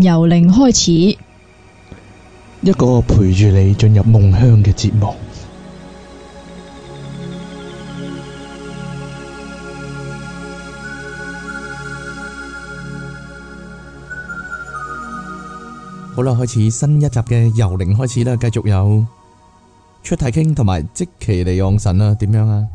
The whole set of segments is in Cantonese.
由零開始，一個陪住你進入夢鄉嘅節目。好啦，開始新一集嘅由零開始啦，繼續有出太傾同埋即其嚟養神啦，點樣啊？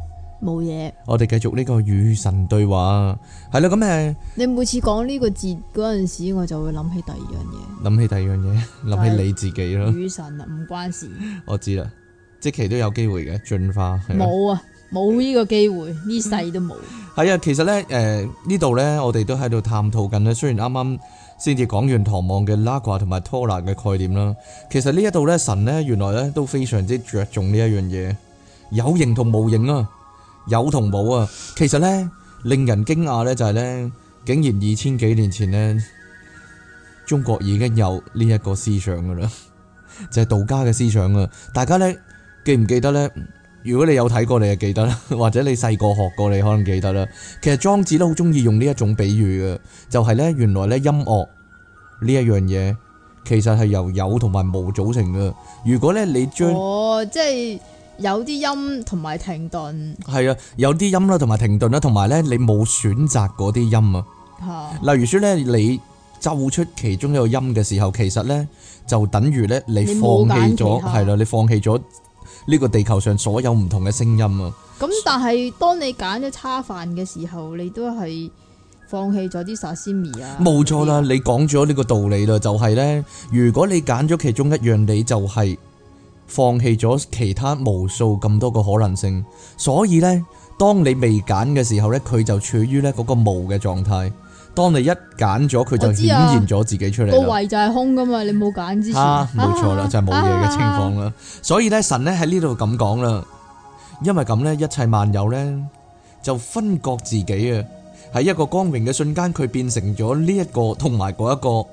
冇嘢，我哋繼續呢個與神對話，係啦咁誒。你每次講呢個字嗰陣時，我就會諗起第二樣嘢，諗起第二樣嘢，諗、就是、起你自己咯。與神唔關事，我知啦，即期都有機會嘅進化。冇啊，冇呢、啊、個機會，呢 世都冇。係啊，其實咧，誒、呃、呢度咧，我哋都喺度探討緊咧。雖然啱啱先至講完唐望嘅拉掛同埋拖拉嘅概念啦，其實呢一度咧，神咧原來咧都非常之着重呢一樣嘢，有形同無形啊。有同冇啊？其實咧，令人驚訝咧就係咧，竟然二千幾年前咧，中國已經有呢一個思想噶啦，就係道家嘅思想啊！大家咧記唔記得咧？如果你有睇過，你就記得啦；或者你細個學過，你可能記得啦。其實莊子都好中意用呢一種比喻嘅，就係咧，原來咧音樂呢一樣嘢其實係由有同埋冇組成嘅。如果咧你將哦，即係。有啲音同埋停頓，係啊，有啲音啦，同埋停頓啦，同埋咧，你冇選擇嗰啲音啊。吓，例如說咧，你奏出其中一個音嘅時候，其實咧就等於咧你放棄咗，係啦，你放棄咗呢個地球上所有唔同嘅聲音啊。咁、嗯、但係當你揀咗叉飯嘅時候，你都係放棄咗啲 Sashimi 啊。冇錯啦，些你講咗呢個道理啦，就係、是、咧，如果你揀咗其中一樣，你就係、是。放棄了其他無數那麼多的可能性，所以呢當你未揀的時候呢他就處於那個無的狀態，當你一揀了他就顯現了自己出來，個位就是空的嘛，你沒有揀之前啊，沒錯就是沒事的情況。所以呢神呢在這裏這樣講了，因為這樣一切萬有呢就分割自己，在一個光榮的瞬間他變成了這個和那個。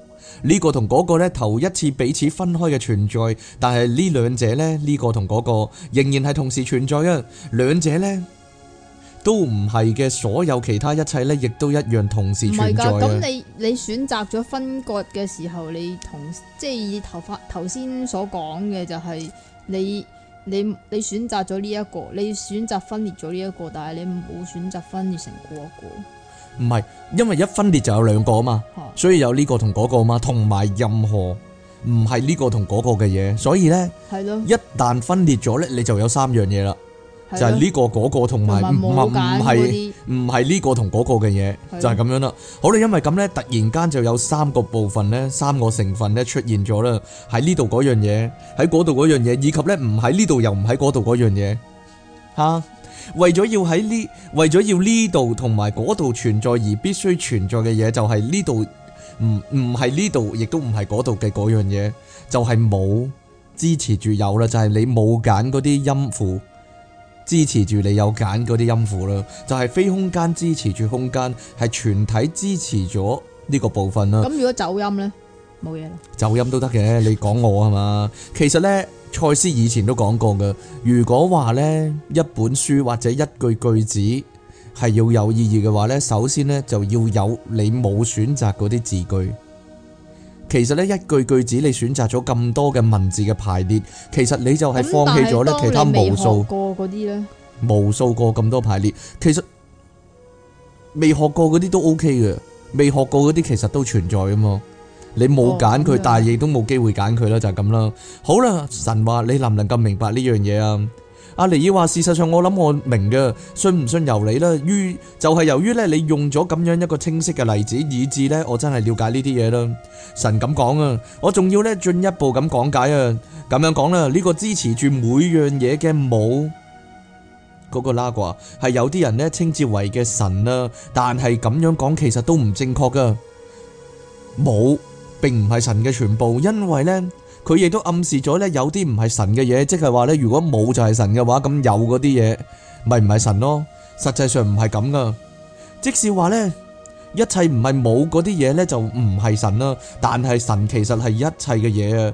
呢個同嗰個呢，頭一次彼此分開嘅存在，但係呢兩者呢，呢個同嗰個仍然係同時存在啊！兩者呢都唔係嘅所有其他一切呢亦都一樣同時存在啊！咁你你選擇咗分割嘅時候，你同即係頭髮頭先所講嘅就係你你你選擇咗呢一個，你選擇分裂咗呢一個，但係你冇會選擇分裂成過一,一個。唔係，因為一分裂就有兩個啊嘛，所以有呢個同嗰個嘛，同埋任何唔係呢個同嗰個嘅嘢，所以呢，的一旦分裂咗呢，你就有三樣嘢啦，的就係呢個、嗰個同埋唔唔係唔係呢個同嗰個嘅嘢，的就係咁樣啦。好啦，因為咁呢，突然間就有三個部分呢，三個成分呢出現咗啦，喺呢度嗰樣嘢，喺嗰度嗰樣嘢，以及呢唔喺呢度又唔喺嗰度嗰樣嘢，吓。為咗要喺呢，為咗要呢度同埋嗰度存在而必須存在嘅嘢，就係呢度唔唔係呢度，亦都唔係嗰度嘅嗰樣嘢，就係冇支持住有啦，就係你冇揀嗰啲音符支持住你有揀嗰啲音符啦，就係非空間支持住空間，係全體支持咗呢個部分啦。咁如果走音呢？冇嘢咯，就音都得嘅。你講我係嘛？其實呢，賽斯以前都講過嘅。如果話呢，一本書或者一句句子係要有意義嘅話呢，首先呢，就要有你冇選擇嗰啲字句。其實呢，一句句子你選擇咗咁多嘅文字嘅排列，其實你就係放棄咗呢其他無數個嗰啲咧。呢無數個咁多排列，其實未學過嗰啲都 OK 嘅。未學過嗰啲其實都存在啊嘛。你冇揀佢，但係亦都冇機會揀佢啦，就咁啦。好啦，神話你能唔能夠明白呢樣嘢啊？阿尼爾話：事實上，我諗我明嘅，信唔信由你啦。於就係由於咧，你用咗咁樣一個清晰嘅例子，以致咧，我真係了解呢啲嘢啦。神咁講啊，我仲要咧進一步咁講解啊。咁樣講啦，呢個支持住每樣嘢嘅冇嗰個拉呱，係有啲人咧稱之為嘅神啦，但係咁樣講其實都唔正確噶，冇。並唔係神嘅全部，因為呢，佢亦都暗示咗呢：有啲唔係神嘅嘢，即係話呢，如果冇就係神嘅話，咁有嗰啲嘢咪唔係神咯。實際上唔係咁噶，即是話呢，一切唔係冇嗰啲嘢呢，就唔係神啦。但係神其實係一切嘅嘢啊，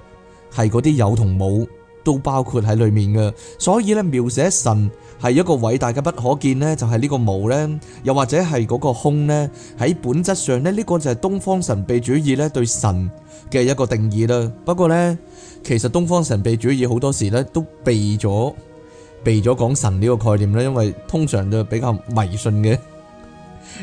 係嗰啲有同冇都包括喺裏面噶。所以呢，描寫神。係一個偉大嘅不可見呢，就係呢個無呢，又或者係嗰個空呢。喺本質上呢，呢、這個就係東方神秘主義呢對神嘅一個定義啦。不過呢，其實東方神秘主義好多時呢都避咗避咗講神呢個概念呢，因為通常都比較迷信嘅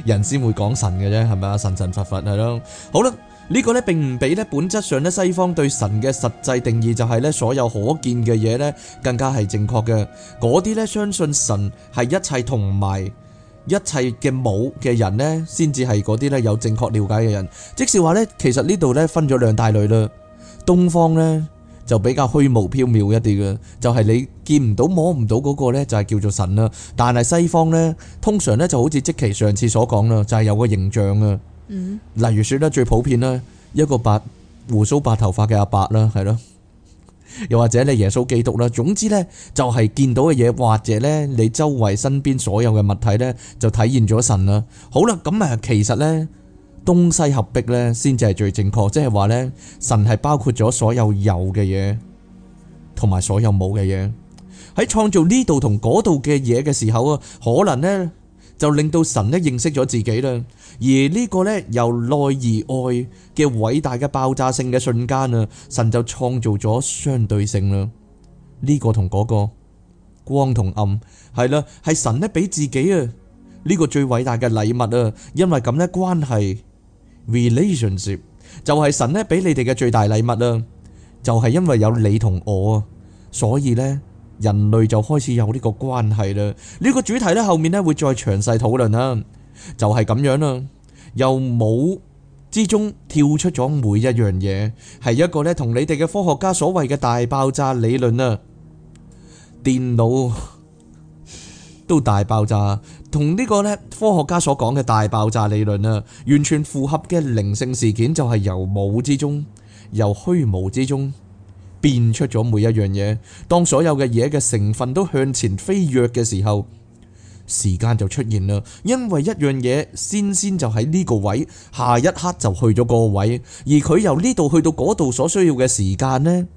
人先會講神嘅啫，係咪啊？神神佛佛係咯。好啦。呢個咧並唔比咧本質上咧西方對神嘅實際定義就係咧所有可見嘅嘢咧更加係正確嘅。嗰啲咧相信神係一切同埋一切嘅冇嘅人咧，先至係嗰啲咧有正確了解嘅人。即是話咧，其實呢度咧分咗兩大類啦。東方咧就比較虛無縹緲一啲嘅，就係你見唔到摸唔到嗰個咧就係叫做神啦。但係西方咧通常咧就好似即其上次所講啦，就係有個形象啊。嗯，例如說得最普遍啦，一個白鬍鬚白頭髮嘅阿伯啦，係咯，又或者你耶穌基督啦，總之呢，就係見到嘅嘢或者呢，你周圍身邊所有嘅物體呢，就體現咗神啦。好啦，咁啊，其實呢，東西合璧呢，先至係最正確，即係話呢，神係包括咗所有有嘅嘢，同埋所有冇嘅嘢喺創造呢度同嗰度嘅嘢嘅時候啊，可能呢。就令到神咧認識咗自己啦，而個呢個咧由內而外嘅偉大嘅爆炸性嘅瞬間啊，神就創造咗相對性啦。呢、這個同嗰、那個光同暗係啦，係神咧俾自己啊呢個最偉大嘅禮物啊，因為咁咧關係 relationship 就係神咧俾你哋嘅最大禮物啦，就係、是，因為有你同我啊，所以咧。人類就開始有呢個關係啦，呢個主題咧後面咧會再詳細討論啦，就係咁樣啦。由冇之中跳出咗每一樣嘢，係一個咧同你哋嘅科學家所謂嘅大爆炸理論啊，電腦都大爆炸，同呢個咧科學家所講嘅大爆炸理論啊，完全符合嘅靈性事件就係由冇之中，由虛無之中。變出咗每一樣嘢，當所有嘅嘢嘅成分都向前飛躍嘅時候，時間就出現啦。因為一樣嘢先先就喺呢個位，下一刻就去咗個位，而佢由呢度去到嗰度所需要嘅時間呢，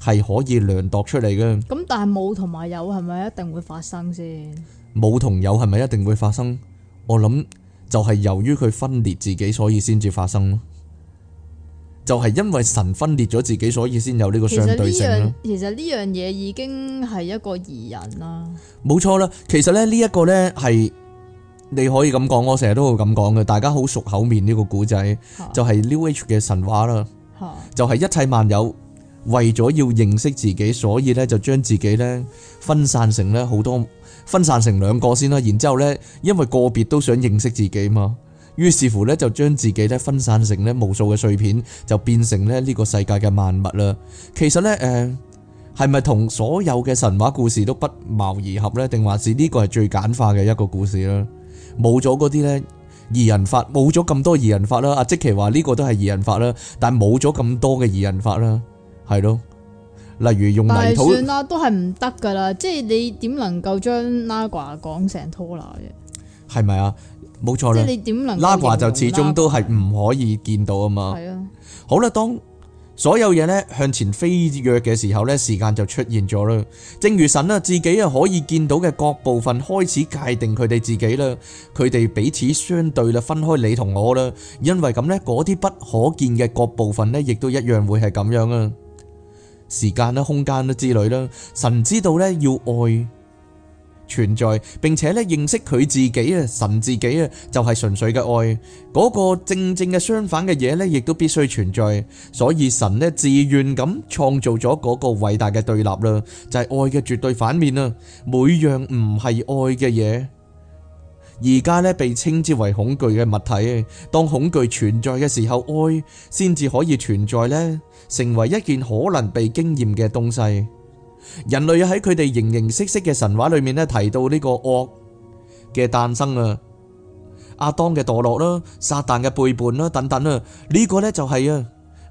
係可以量度出嚟㗎。咁但係冇同埋有係咪一定會發生先？冇同有係咪一定會發生？我諗就係由於佢分裂自己，所以先至發生。就係因為神分裂咗自己，所以先有呢個相對性。其實呢樣嘢已經係一個疑人啦。冇錯啦，其實咧呢一個呢，係你可以咁講，我成日都會咁講嘅。大家好熟口面呢個古仔，啊、就係 New Age 嘅神話啦。啊、就係一切萬有為咗要認識自己，所以呢，就將自己呢分散成咧好多，分散成兩個先啦。然之後咧，因為個別都想認識自己嘛。於是乎咧，就將自己咧分散成咧無數嘅碎片，就變成咧呢個世界嘅萬物啦。其實咧，誒係咪同所有嘅神話故事都不謀而合咧？定還是呢個係最簡化嘅一個故事啦？冇咗嗰啲咧擬人法，冇咗咁多擬人法啦。阿積奇話呢個都係擬人法啦，但係冇咗咁多嘅擬人法啦，係咯。例如用泥土，算啦，都係唔得噶啦。即係你點能夠將拉瓜講成拖拉嘅？係咪啊？冇錯啦，拉華就始終都係唔可以見到啊嘛。係啊，好啦，當所有嘢咧向前飛躍嘅時候咧，時間就出現咗啦。正如神啊自己啊可以見到嘅各部分開始界定佢哋自己啦，佢哋彼此相對啦，分開你同我啦。因為咁咧，嗰啲不可見嘅各部分咧，亦都一樣會係咁樣啊。時間啦，空間啦之類啦，神知道咧要愛。存在，並且咧認識佢自己啊，神自己啊，就係純粹嘅愛。嗰個正正嘅相反嘅嘢咧，亦都必須存在。所以神咧自願咁創造咗嗰個偉大嘅對立啦，就係愛嘅絕對反面啦。每樣唔係愛嘅嘢，而家咧被稱之為恐懼嘅物體。當恐懼存在嘅時候，愛先至可以存在咧，成為一件可能被經驗嘅東西。人類喺佢哋形形色色嘅神話裏面咧，提到呢個惡嘅誕生啊，阿當嘅墮落啦，撒旦嘅背叛啦，等等啊，呢、這個咧就係啊，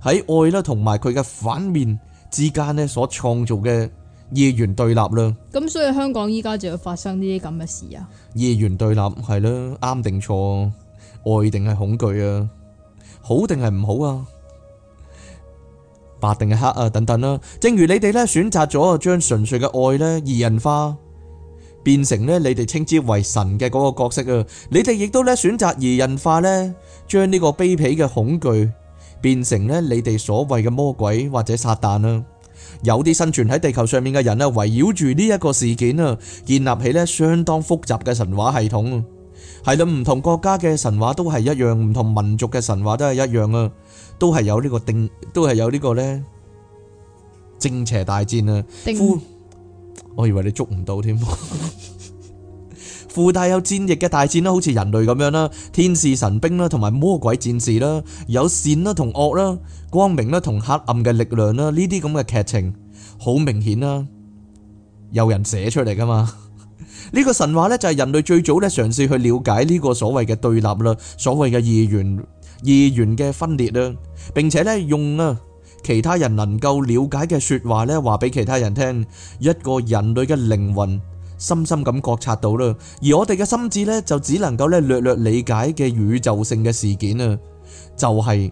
喺愛啦同埋佢嘅反面之間呢所創造嘅二元對立啦。咁所以香港依家就要發生呢啲咁嘅事啊？二元對立係啦，啱定錯？愛定係恐懼啊？好定係唔好啊？白定係黑啊，等等啦。正如你哋咧，選擇咗將純粹嘅愛咧擬人化，變成咧你哋稱之為神嘅嗰個角色啊。你哋亦都咧選擇擬人化咧，將呢個卑鄙嘅恐懼變成咧你哋所謂嘅魔鬼或者撒旦啦。有啲生存喺地球上面嘅人咧，圍繞住呢一個事件啊，建立起咧相當複雜嘅神話系統。係啦，唔同國家嘅神話都係一樣，唔同民族嘅神話都係一樣啊，都係有呢個定，都係有呢個咧，正邪大戰啊，定，我以為你捉唔到添，附帶有戰役嘅大戰啦，好似人類咁樣啦，天使神兵啦，同埋魔鬼戰士啦，有善啦同惡啦，光明啦同黑暗嘅力量啦，呢啲咁嘅劇情好明顯啦，有人寫出嚟噶嘛。呢個神話咧就係人類最早咧嘗試去了解呢個所謂嘅對立啦，所謂嘅二元二元嘅分裂啦，並且咧用啊其他人能夠了解嘅說話咧話俾其他人聽，一個人類嘅靈魂深深咁覺察到啦，而我哋嘅心智咧就只能夠咧略略理解嘅宇宙性嘅事件啊，就係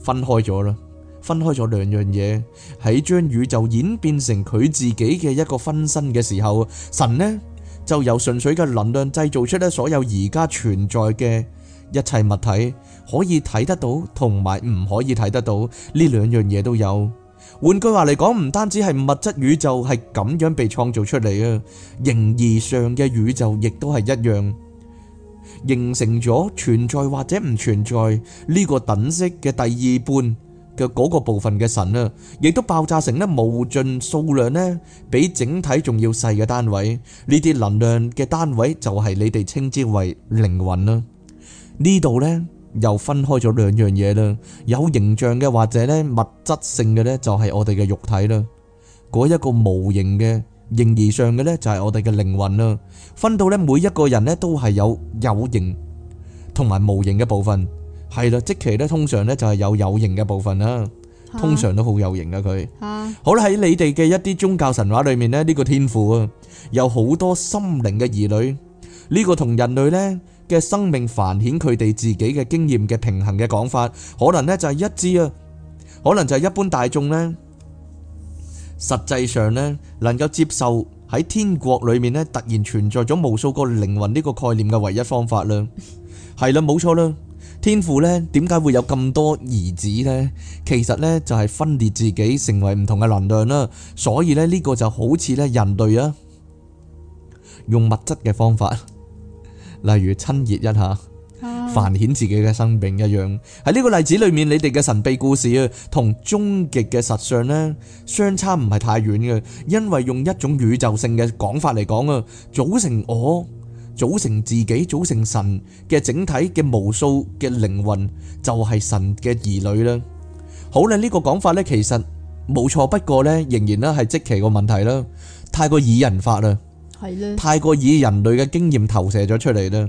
分開咗啦。分開咗兩樣嘢，喺將宇宙演變成佢自己嘅一個分身嘅時候，神呢就由純粹嘅能量製造出咧所有而家存在嘅一切物體，可以睇得到同埋唔可以睇得到呢兩樣嘢都有。換句話嚟講，唔單止係物質宇宙係咁樣被創造出嚟啊，形而上嘅宇宙亦都係一樣，形成咗存在或者唔存在呢個等式嘅第二半。嘅嗰個部分嘅神啦，亦都爆炸成咧無盡數量咧，比整體仲要細嘅單位。呢啲能量嘅單位就係你哋稱之為靈魂啦。呢度咧又分開咗兩樣嘢啦，有形象嘅或者咧物質性嘅咧，就係我哋嘅肉體啦。嗰一個無形嘅形而上嘅咧，就係我哋嘅靈魂啦。分到咧每一個人咧都係有有形同埋無形嘅部分。係啦，即其咧，通常咧就係有有形嘅部分啦。通常都好有型噶佢。好啦，喺你哋嘅一啲宗教神話裏面咧，呢個天父啊，有好多心靈嘅兒女呢個同人類咧嘅生命繁衍佢哋自己嘅經驗嘅平衡嘅講法，可能咧就係一致啊，可能就係一般大眾咧，實際上咧能夠接受喺天國裏面咧突然存在咗無數個靈魂呢個概念嘅唯一方法啦。係啦，冇錯啦。天父呢，點解會有咁多兒子呢？其實呢，就係、是、分裂自己，成為唔同嘅能量啦。所以咧呢個就好似咧人類啊，用物質嘅方法，例如親熱一下，繁衍自己嘅生命一樣。喺呢個例子裏面，你哋嘅神秘故事啊，同終極嘅實相呢，相差唔係太遠嘅，因為用一種宇宙性嘅講法嚟講啊，組成我。組成自己組成神嘅整體嘅無數嘅靈魂，就係神嘅兒女啦。好啦，呢個講法呢，其實冇錯，不過呢，仍然係即期個問題啦，太過以人法啦，係啦，太過以人類嘅經驗投射咗出嚟啦。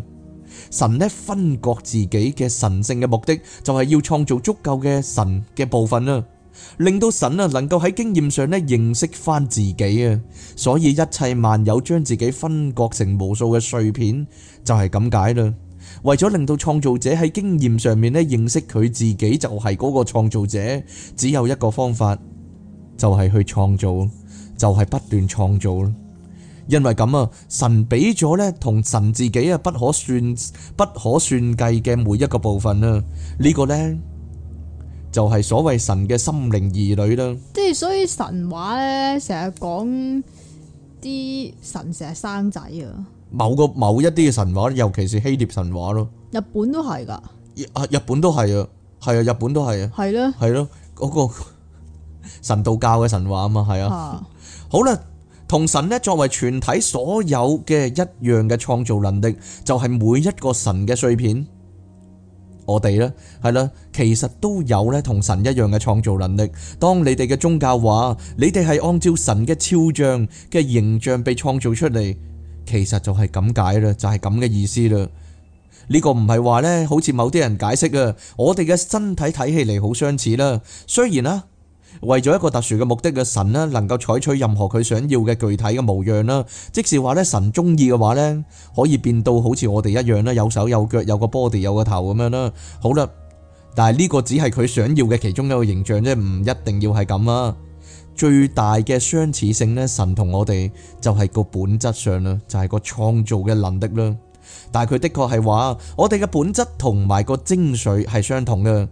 神呢，分割自己嘅神聖嘅目的，就係要創造足夠嘅神嘅部分啦。令到神啊，能夠喺經驗上咧，認識翻自己啊，所以一切萬有將自己分割成無數嘅碎片，就係咁解啦。為咗令到創造者喺經驗上面咧，認識佢自己，就係嗰個創造者，只有一個方法，就係去創造，就係不斷創造。因為咁啊，神俾咗咧，同神自己啊，不可算不可算計嘅每一個部分啊，呢個呢。就係所謂神嘅心靈兒女啦，即係所以神話咧，成日講啲神成日生仔啊。某個某一啲嘅神話，尤其是希臘神話咯，日本都係噶，日啊日本都係啊，係啊日本都係啊，係咯係咯，嗰個神道教嘅神話啊嘛，係啊。好啦，同神咧作為全體所有嘅一樣嘅創造能力，就係每一個神嘅碎片。我哋咧，係啦，其實都有咧同神一樣嘅創造能力。當你哋嘅宗教話你哋係按照神嘅肖像嘅形象被創造出嚟，其實就係咁解啦，就係咁嘅意思啦。呢個唔係話咧，好似某啲人解釋啊，我哋嘅身體睇起嚟好相似啦，雖然啦。為咗一個特殊嘅目的嘅神呢，能夠採取任何佢想要嘅具體嘅模樣啦，即是話呢，神中意嘅話呢，可以變到好似我哋一樣啦，有手有腳，有個 body，有個頭咁樣啦。好啦，但係呢個只係佢想要嘅其中一個形象啫，唔一定要係咁啊。最大嘅相似性呢，神同我哋就係個本質上啦，就係個創造嘅能力啦。但係佢的確係話，我哋嘅本質同埋個精髓係相同嘅。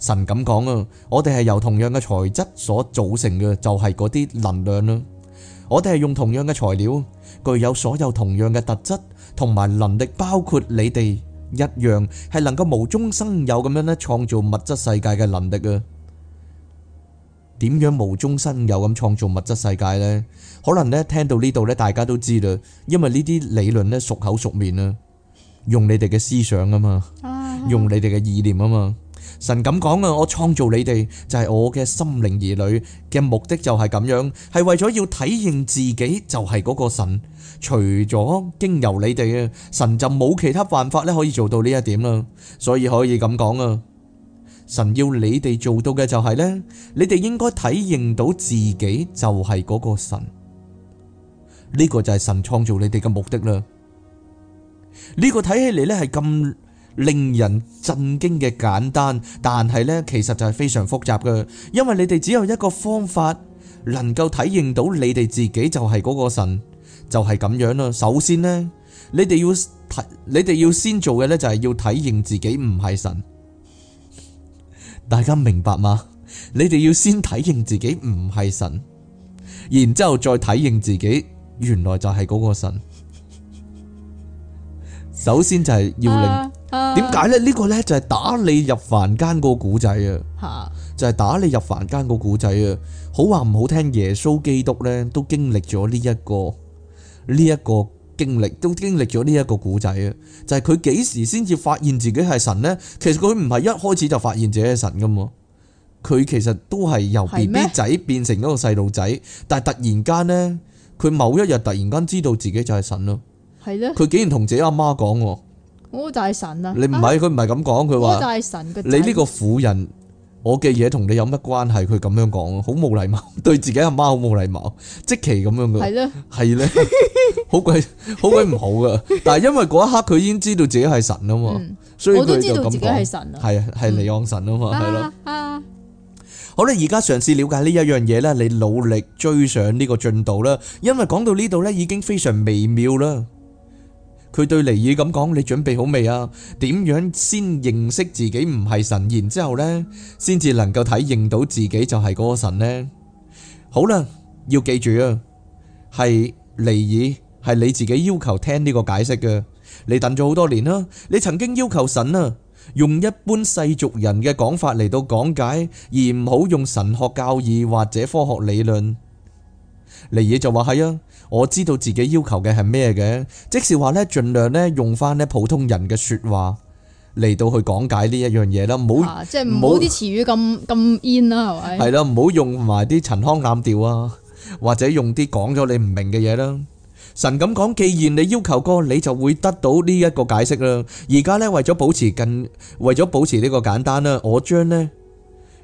神咁講啊，我哋係由同樣嘅材質所組成嘅，就係嗰啲能量啦。我哋係用同樣嘅材料，具有所有同樣嘅特質同埋能力，包括你哋一樣，係能夠無中生有咁樣咧創造物質世界嘅能力啊。點樣無中生有咁創造物質世界呢？可能咧聽到呢度咧，大家都知啦，因為呢啲理論咧熟口熟面啊，用你哋嘅思想啊嘛，用你哋嘅意念啊嘛。神咁講啊，我創造你哋就係我嘅心靈兒女嘅目的就係咁樣，係為咗要體認自己就係嗰個神。除咗經由你哋啊，神就冇其他辦法咧可以做到呢一點啦。所以可以咁講啊，神要你哋做到嘅就係呢，你哋應該體認到自己就係嗰個神。呢個就係神創造你哋嘅目的啦。呢個睇起嚟咧係咁。令人震驚嘅簡單，但係呢其實就係非常複雜嘅，因為你哋只有一個方法能夠體認到你哋自己就係嗰個神，就係咁樣啦。首先呢，你哋要體，你哋要先做嘅呢，就係要體認自己唔係神，大家明白嗎？你哋要先體認自己唔係神，然之後再體認自己原來就係嗰個神。首先就係要令、啊。點解咧？呢個咧就係打你入凡間個古仔啊！就係打你入凡間個古仔啊！好話唔好聽，耶穌基督咧都經歷咗呢一個呢一個經歷，都經歷咗呢一個古仔啊！就係佢幾時先至發現自己係神咧？其實佢唔係一開始就發現自己係神噶嘛，佢其實都係由 BB 仔變成一個細路仔，嗎但係突然間咧，佢某一日突然間知道自己就係神咯。係咧的，佢竟然同自己阿媽講。我就係神啊！你唔係佢唔係咁講，佢話、啊、我神你呢個婦人，我嘅嘢同你有乜關係？佢咁樣講，好冇禮貌，對自己阿媽好冇禮貌，即其咁樣嘅。係咧，係咧，好鬼好鬼唔好噶。但係因為嗰一刻佢已經知道自己係神啊嘛，嗯、所以佢都知道自己係神。係啊，係李安神啊嘛，係咯。好啦，而家嘗試了解呢一樣嘢咧，你努力追上呢個進度啦，因為講到呢度咧已經非常微妙啦。佢對尼爾咁講：你準備好未啊？點樣先認識自己唔係神？然之後呢，先至能夠體認到自己就係嗰個神呢？好啦，要記住啊，係尼爾，係你自己要求聽呢個解釋嘅。你等咗好多年啦，你曾經要求神啊，用一般世俗人嘅講法嚟到講解，而唔好用神學教義或者科學理論。尼爾就話係啊。我知道自己要求嘅係咩嘅，即是話呢，盡量呢，用翻呢普通人嘅說話嚟到去講解呢一樣嘢啦，唔好、啊、即係唔好啲詞語咁咁煙啦，係咪、啊？係咯，唔好用埋啲陳腔濫調啊，或者用啲講咗你唔明嘅嘢啦。神咁講，既然你要求過，你就會得到呢一個解釋啦。而家呢，為咗保持更為咗保持呢個簡單啦，我將呢。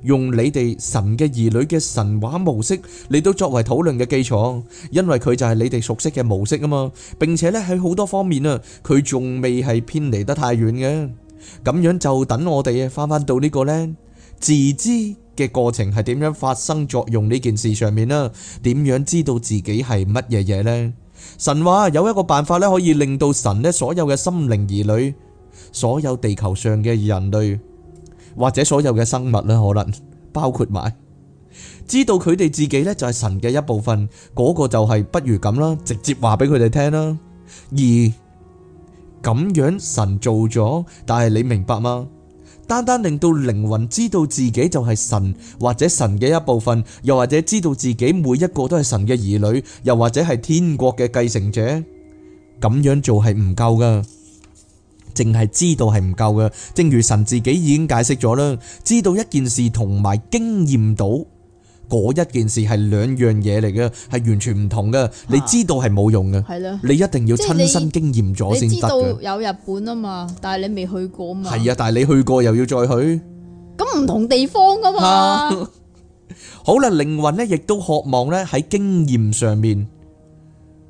用你哋神嘅兒女嘅神話模式嚟到作為討論嘅基礎，因為佢就係你哋熟悉嘅模式啊嘛，並且咧喺好多方面啊，佢仲未係偏離得太遠嘅。咁樣就等我哋翻翻到呢、這個呢自知嘅過程係點樣發生作用呢件事上面啦，點樣知道自己係乜嘢嘢呢？神話有一個辦法咧，可以令到神呢所有嘅心靈兒女，所有地球上嘅人類。或者所有嘅生物啦，可能包括埋，知道佢哋自己呢，就係神嘅一部分，嗰個就係不如咁啦，直接話俾佢哋聽啦。而咁樣神做咗，但係你明白嗎？單單令到靈魂知道自己就係神，或者神嘅一部分，又或者知道自己每一個都係神嘅兒女，又或者係天國嘅繼承者，咁樣做係唔夠噶。淨係知道係唔夠嘅，正如神自己已經解釋咗啦。知道一件事同埋經驗到嗰一件事係兩樣嘢嚟嘅，係完全唔同嘅。啊、你知道係冇用嘅，係啦的，你一定要親身經驗咗先得。知道有日本啊嘛，但係你未去過啊嘛。係啊，但係你去過又要再去，咁唔同地方噶嘛。啊、 好啦，靈魂呢亦都渴望呢喺經驗上面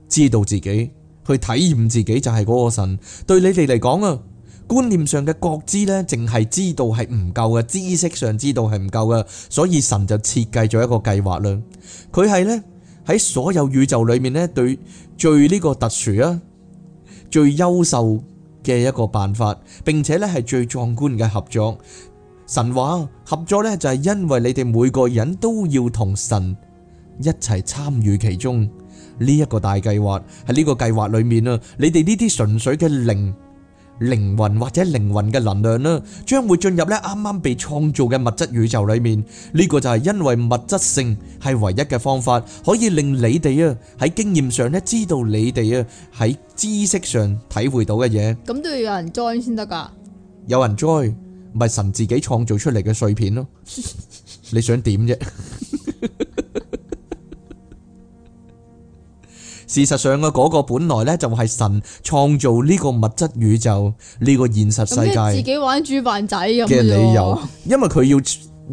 知道自己。去體驗自己就係嗰個神，對你哋嚟講啊，觀念上嘅覺知呢，淨係知道係唔夠嘅，知識上知道係唔夠嘅，所以神就設計咗一個計劃啦。佢係呢，喺所有宇宙裏面呢，對最呢個特殊啊、最優秀嘅一個辦法，並且呢係最壯觀嘅合作。神話合作呢，就係因為你哋每個人都要同神一齊參與其中。.呢一個大計劃，喺呢個計劃裏面啊，你哋呢啲純粹嘅靈靈魂或者靈魂嘅能量啦，將會進入咧啱啱被創造嘅物質宇宙裏面。呢個就係因為物質性係唯一嘅方法，可以令你哋啊喺經驗上咧知道你哋啊喺知識上體會到嘅嘢。咁都要有人 join 先得噶？有人 join 唔係神自己創造出嚟嘅碎片咯。 你想點怎啫？ 事實上嘅嗰、那個本來咧就係神創造呢個物質宇宙呢、這個現實世界自己玩煮飯仔咁嘅理由，因為佢要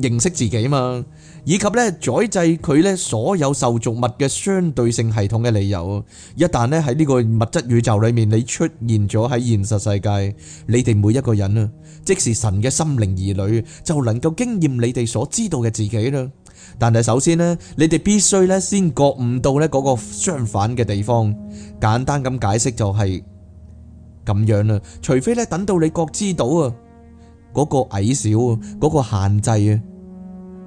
認識自己嘛，以及咧宰制佢咧所有受造物嘅相對性系統嘅理由。一旦咧喺呢個物質宇宙裏面你出現咗喺現實世界，你哋每一個人啊，即使神嘅心靈兒女，就能夠經驗你哋所知道嘅自己啦。但係首先呢，你哋必須咧先覺悟到咧嗰個相反嘅地方。簡單咁解釋就係咁樣啦。除非咧等到你覺知到啊，嗰個矮小啊，嗰個限制啊，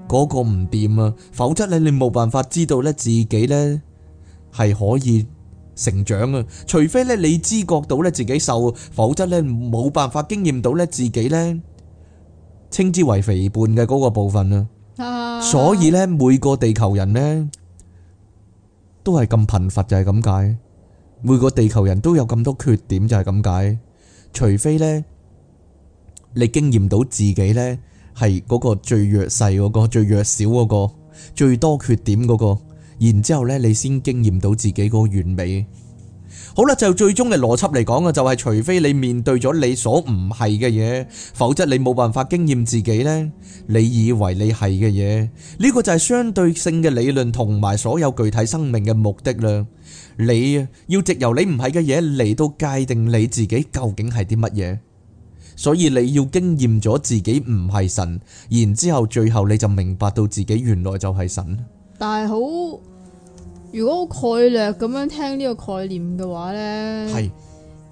嗰個唔掂啊，否則咧你冇辦法知道咧自己咧係可以成長啊。除非咧你知覺到咧自己瘦，否則咧冇辦法經驗到咧自己咧稱之為肥胖嘅嗰個部分啊。所以咧，每個地球人咧，都係咁貧乏就係咁解。每個地球人都有咁多缺點就係咁解。除非咧，你經驗到自己咧係嗰個最弱勢嗰個、最弱小嗰個、最多缺點嗰個，然之後咧你先經驗到自己嗰個完美。好啦，就最終嘅邏輯嚟講啊，就係、是、除非你面對咗你所唔係嘅嘢，否則你冇辦法經驗自己呢，你以為你係嘅嘢，呢、這個就係相對性嘅理論同埋所有具體生命嘅目的啦。你要藉由你唔係嘅嘢嚟到界定你自己究竟係啲乜嘢，所以你要經驗咗自己唔係神，然之後最後你就明白到自己原來就係神。但係好。如果概略咁樣聽呢個概念嘅話呢，係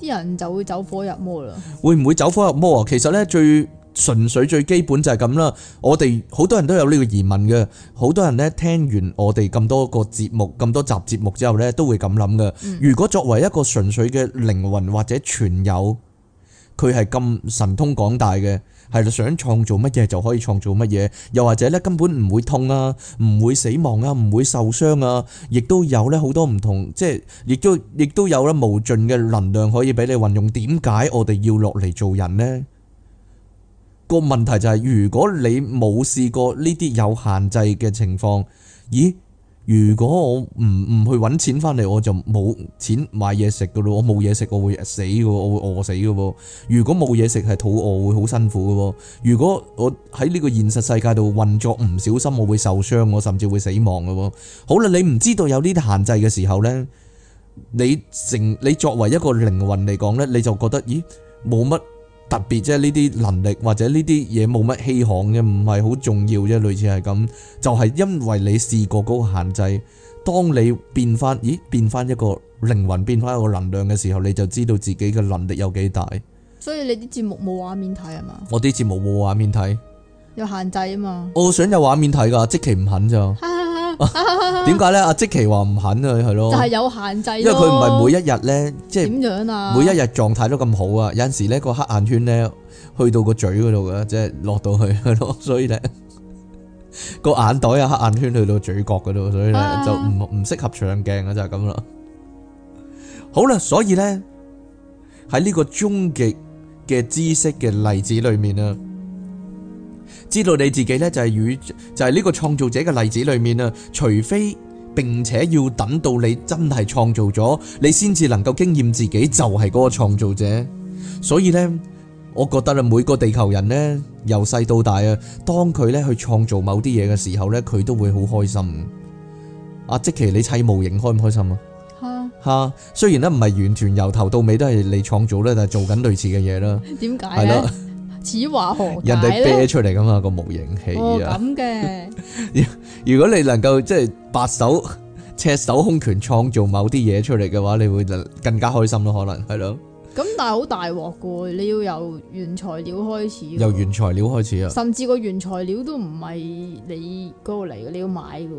啲人就會走火入魔啦。會唔會走火入魔啊？其實呢，最純粹最基本就係咁啦。我哋好多人都有呢個疑問嘅，好多人呢，聽完我哋咁多個節目咁多集節目之後呢，都會咁諗嘅。嗯、如果作為一個純粹嘅靈魂或者全有，佢係咁神通廣大嘅。係啦，想創造乜嘢就可以創造乜嘢，又或者咧根本唔會痛啊，唔會死亡啊，唔會受傷啊，亦都有咧好多唔同，即係亦都亦都有啦無盡嘅能量可以俾你運用。點解我哋要落嚟做人呢？個問題就係，如果你冇試過呢啲有限制嘅情況，咦？如果我唔唔去揾錢返嚟，我就冇錢買嘢食㗎喇，我冇嘢食，我會死㗎，我會餓死㗎。如果冇嘢食係肚餓，會好辛苦㗎。如果我喺呢個現實世界度運作唔小心，我會受傷，我甚至會死亡㗎。好啦，你唔知道有呢啲限制嘅時候呢，你成你作為一個靈魂嚟講呢，你就覺得咦，冇乜。特別即係呢啲能力或者呢啲嘢，冇乜稀罕嘅，唔係好重要啫，類似係咁。就係因為你試過嗰個限制，當你變翻，咦，變翻一個靈魂，變翻一個能量嘅時候，你就知道自己嘅能力有幾大。所以你啲節目冇畫面睇啊嘛？我啲節目冇畫面睇，有限制啊嘛。我想有畫面睇噶，即其唔肯咋。 點解咧？阿即奇話唔肯啊，係咯，就係有限制，因為佢唔係每一日咧，即係點樣啊？每一日狀態都咁好啊，有陣時咧個黑眼圈咧去到個嘴嗰度嘅，即係落到去嘅咯。所以咧個 眼袋啊、黑眼圈去到嘴角嗰度，所以咧就唔唔適合長鏡啊，就係咁啦。好啦，所以咧喺呢個終極嘅知識嘅例子裏面啊。知道你自己呢，就係與就係呢個創造者嘅例子裏面啊，除非並且要等到你真係創造咗，你先至能夠經驗自己，就係嗰個創造者。所以呢，我覺得咧，每個地球人呢，由細到大啊，當佢呢去創造某啲嘢嘅時候呢，佢都會好開心。阿即奇，你砌模型開唔開心啊？開，雖然呢唔係完全由頭到尾都係你創造呢，但係做緊類似嘅嘢啦。點解咧？此話何解咧？人哋啤出嚟噶嘛個模型器啊！咁嘅、哦， 如果你能夠即係白手赤手空拳創造某啲嘢出嚟嘅話，你會更加開心咯，可能係咯。咁但係好大鑊噶，你要由原材料開始。由原材料開始啊！甚至個原材料都唔係你嗰個嚟嘅，你要買噶。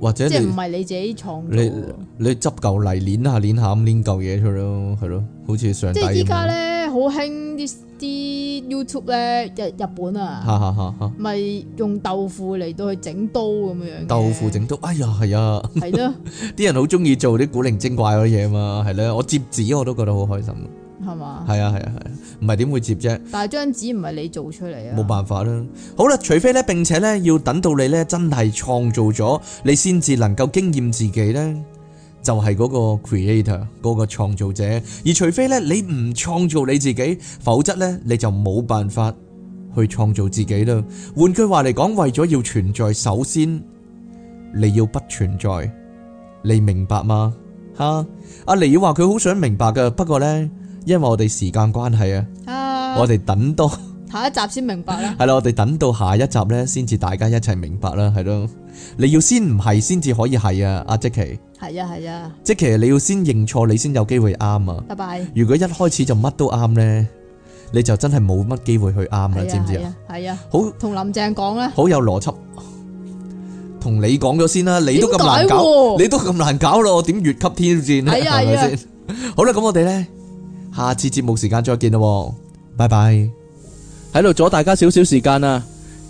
或者即係唔係你自己創你你執嚿泥，捻下捻下咁捻嚿嘢出咯，係咯，好似上帝即係依家咧好興啲啲 YouTube 咧日日本啊，咪用豆腐嚟到去整刀咁樣豆腐整刀，哎呀係啊，係咯，啲的 人好中意做啲古靈精怪嗰啲嘢嘛，係咧，我接紙我都覺得好開心。係嘛？係啊係啊係啊，唔係點會接啫？但係張紙唔係你做出嚟啊，冇辦法啦。好啦，除非咧，並且咧要等到你咧真係創造咗，你先至能夠經驗自己咧，就係、是、嗰個 creator，嗰個創造者。而除非咧你唔創造你自己，否則咧你就冇辦法去創造自己啦。換句話嚟講，為咗要存在，首先你要不存在，你明白嗎？吓，阿尼要話佢好想明白噶，不過咧。因為我哋時間關係啊，我哋等到下一集先明白啦。係啦，我哋等到下一集咧，先至大家一齊明白啦，係咯。你要先唔係，先至可以係啊，阿即奇。係啊係啊，即奇，你要先認錯，你先有機會啱啊。拜拜。如果一開始就乜都啱咧，你就真係冇乜機會去啱啦，知唔知啊？係啊。好，同林鄭講啦。好有邏輯，同你講咗先啦，你都咁難搞，你都咁難搞咯，點越級挑戰咧？係咪先？好啦，咁我哋咧。下次節目時間再見囉，拜拜！喺度阻大家少少時間啊。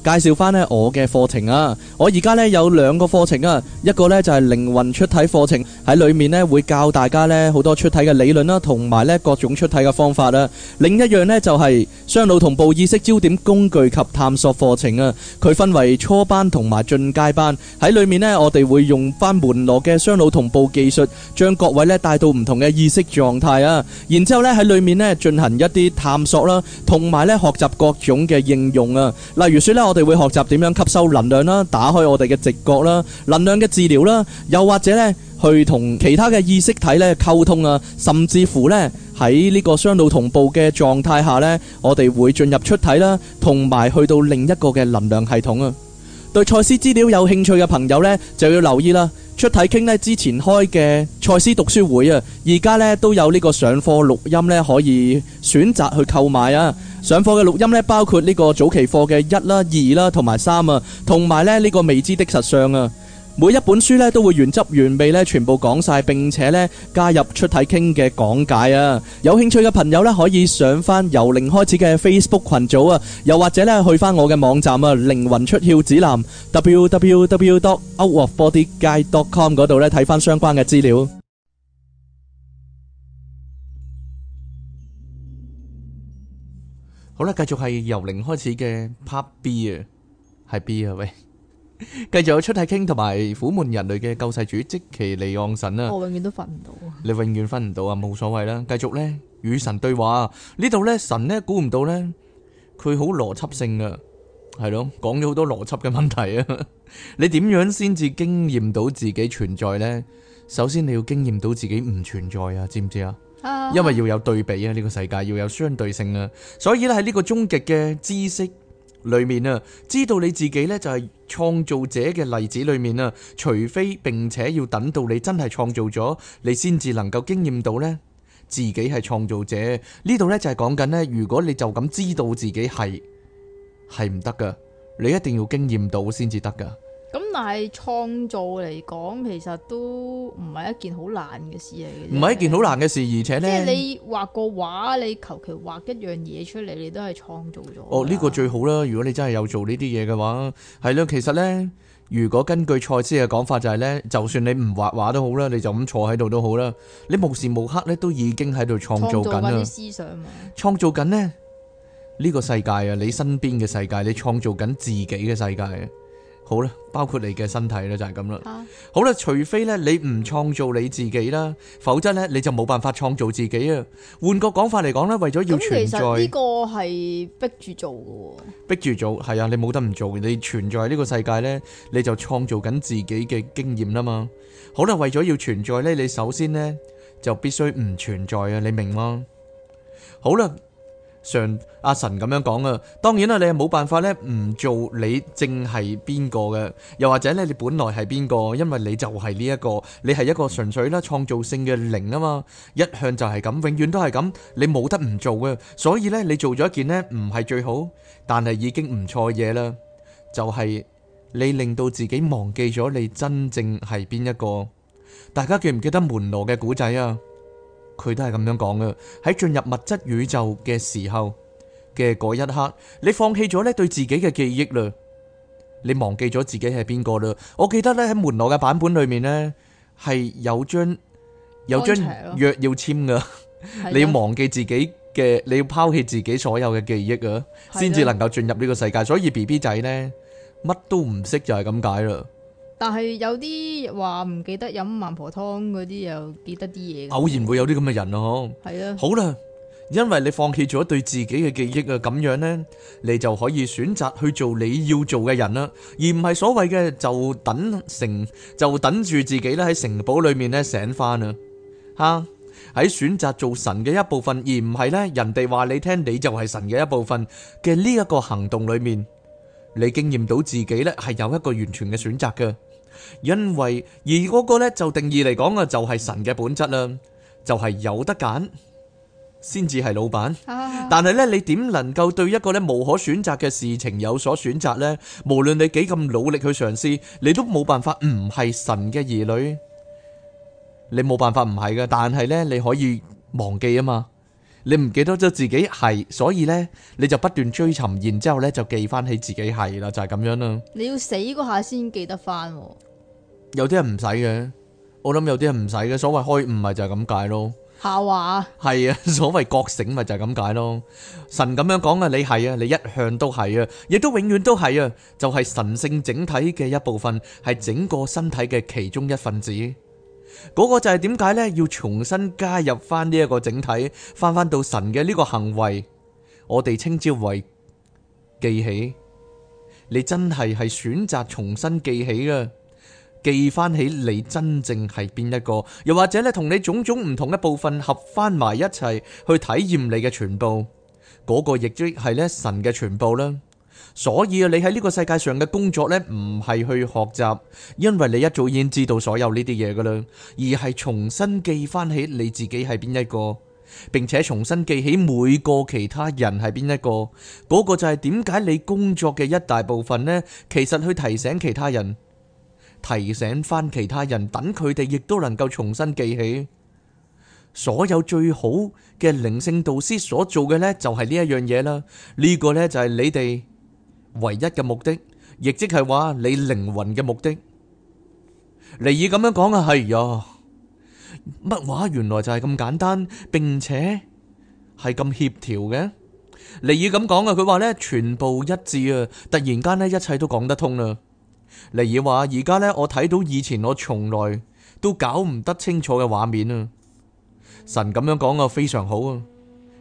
介紹翻咧我嘅課程啊，我而家咧有兩個課程啊，一個咧就係靈魂出體課程，喺裏面咧會教大家咧好多出體嘅理論啦，同埋咧各種出體嘅方法啦。另一樣咧就係雙腦同步意識焦點工具及探索課程啊，佢分為初班同埋進階班，喺裏面咧我哋會用翻門羅嘅雙腦同步技術，將各位咧帶到唔同嘅意識狀態啊，然之後咧喺裏面咧進行一啲探索啦，同埋咧學習各種嘅應用啊，例如說咧我。我哋會學習點樣吸收能量啦，打開我哋嘅直覺啦，能量嘅治療啦，又或者呢去同其他嘅意識體咧溝通啊，甚至乎呢喺呢個雙腦同步嘅狀態下呢，我哋會進入出體啦，同埋去到另一個嘅能量系統啊。對賽斯資料有興趣嘅朋友呢，就要留意啦。出體傾呢之前開嘅賽斯讀書會啊，而家呢都有呢個上課錄音呢，可以選擇去購買啊。上課嘅錄音咧，包括呢個早期課嘅一啦、二啦同埋三啊，同埋咧呢個未知的實相啊。每一本書咧都會原汁原味咧全部講晒，並且咧加入出體傾嘅講解啊。有興趣嘅朋友咧，可以上翻由零開始嘅 Facebook 群組啊，又或者咧去翻我嘅網站啊，靈魂出竅指南 www.outofbodyguide.com 嗰度咧睇翻相關嘅資料。好啦，繼續係由零開始嘅 part B 啊，係 B 啊喂，繼 續出嚟傾同埋虎門人類嘅救世主即其利昂神啊。我永遠都瞓唔到，到啊！你永遠瞓唔到啊，冇所謂啦。繼續咧與神對話，呢度咧神咧估唔到咧，佢好邏輯性啊，係咯，講咗好多邏輯嘅問題啊。 你點樣先至經驗到自己存在咧？首先你要經驗到自己唔存在啊，知唔知啊？因為要有對比啊，呢個世界要有相對性啊，所以咧喺呢個終極嘅知識裏面啊，知道你自己呢，就係創造者嘅例子裏面啊，除非並且要等到你真係創造咗，你先至能夠經驗到呢自己係創造者呢度呢，就係講緊呢：如果你就咁知道自己係係唔得噶，你一定要經驗到先至得噶。咁但係創造嚟講，其實都唔係一件好難嘅事嚟嘅。唔係一件好難嘅事，而且呢，即係你畫個畫，你求其畫一樣嘢出嚟，你都係創造咗。哦，呢個最好啦！如果你真係有做呢啲嘢嘅話，係咯，其實呢，如果根據賽斯嘅講法就係呢：就算你唔畫畫都好啦，你就咁坐喺度都好啦，你無時無刻咧都已經喺度創造緊思想，創造緊咧呢個世界啊，你身邊嘅世界，你創造緊自己嘅世界。好啦，包括你嘅身體咧，就係咁啦。啊、好啦，除非咧你唔創造你自己啦，否則咧你就冇辦法創造自己啊。換個講法嚟講咧，為咗要存在，呢個係逼住做嘅，逼住做係啊，你冇得唔做。你存在呢個世界咧，你就創造緊自己嘅經驗啦嘛。好啦，為咗要存在咧，你首先咧就必須唔存在啊，你明嗎？好啦。像阿神咁樣講啊，當然啦，你係冇辦法咧唔做你正係邊個嘅，又或者咧你本來係邊個，因為你就係呢一個，你係一個純粹啦創造性嘅靈啊嘛，一向就係咁，永遠都係咁，你冇得唔做嘅，所以咧你做咗一件呢唔係最好，但係已經唔錯嘅嘢啦，就係你令到自己忘記咗你真正係邊一個，大家記唔記得門羅嘅古仔啊？佢都係咁樣講嘅，喺進入物質宇宙嘅時候嘅嗰一刻，你放棄咗咧對自己嘅記憶啦，你忘記咗自己係邊個啦。我記得咧喺門羅嘅版本裏面咧，係有張有張約要簽噶，你要忘記自己嘅，你要拋棄自己所有嘅記憶啊，先至能夠進入呢個世界。所以 BB 仔咧乜都唔識就係咁解啦。但係有啲話唔記得飲孟婆湯嗰啲又記得啲嘢，偶然會有啲咁嘅人啊！嗬，係啊，好啦，因為你放棄咗對自己嘅記憶啊，咁樣咧，你就可以選擇去做你要做嘅人啦，而唔係所謂嘅就等成就等住自己咧喺城堡裏面咧醒翻啊，吓喺選擇做神嘅一部分，而唔係咧人哋話你聽你就係神嘅一部分嘅呢一個行動裏面。你經驗到自己呢係有一個完全嘅選擇嘅，因為而嗰個呢就定義嚟講啊就係神嘅本質啦，就係有得揀先至係老闆。但係呢你點能夠對一個呢無可選擇嘅事情有所選擇呢？無論你幾咁努力去嘗試，你都冇辦法唔係神嘅兒女，你冇辦法唔係㗎。但係呢你可以忘記啊嘛。你唔記得咗自己係，所以呢，你就不斷追尋，然之後咧，就記翻起自己係啦，就係咁樣啦。你要死嗰下先記得翻，有啲人唔使嘅，我諗有啲人唔使嘅。所謂開悟咪就係咁解咯。下話係啊，所謂覺醒咪就係咁解咯。神咁樣講啊，你係啊，你一向都係啊，亦都永遠都係啊，就係神聖整體嘅一部分，係整個身體嘅其中一份子。嗰個就係點解呢？要重新加入翻呢一個整體，翻翻到神嘅呢個行為，我哋稱之為記起。你真係係選擇重新記起啊，記翻起你真正係邊一個，又或者咧同你種種唔同嘅部分合翻埋一齊去體驗你嘅全部，嗰個亦即係咧神嘅全部啦。所以啊，你喺呢個世界上嘅工作呢，唔係去學習，因為你一早已經知道所有呢啲嘢噶啦，而係重新記翻起你自己係邊一個，並且重新記起每個其他人係邊一個。嗰個就係點解你工作嘅一大部分呢？其實去提醒其他人，提醒翻其他人，等佢哋亦都能夠重新記起，所有最好嘅靈性導師所做嘅呢，這個、就係呢一樣嘢啦。呢個呢，就係你哋唯一嘅目的，亦即係話你靈魂嘅目的。尼爾咁樣講啊，係、哎、呀，乜話？原來就係咁簡單，並且係咁協調嘅。尼爾咁講啊，佢話呢，全部一致啊，突然間呢一切都講得通啦。尼爾話而家呢，我睇到以前我從來都搞唔得清楚嘅畫面啊，神咁樣講啊，非常好啊。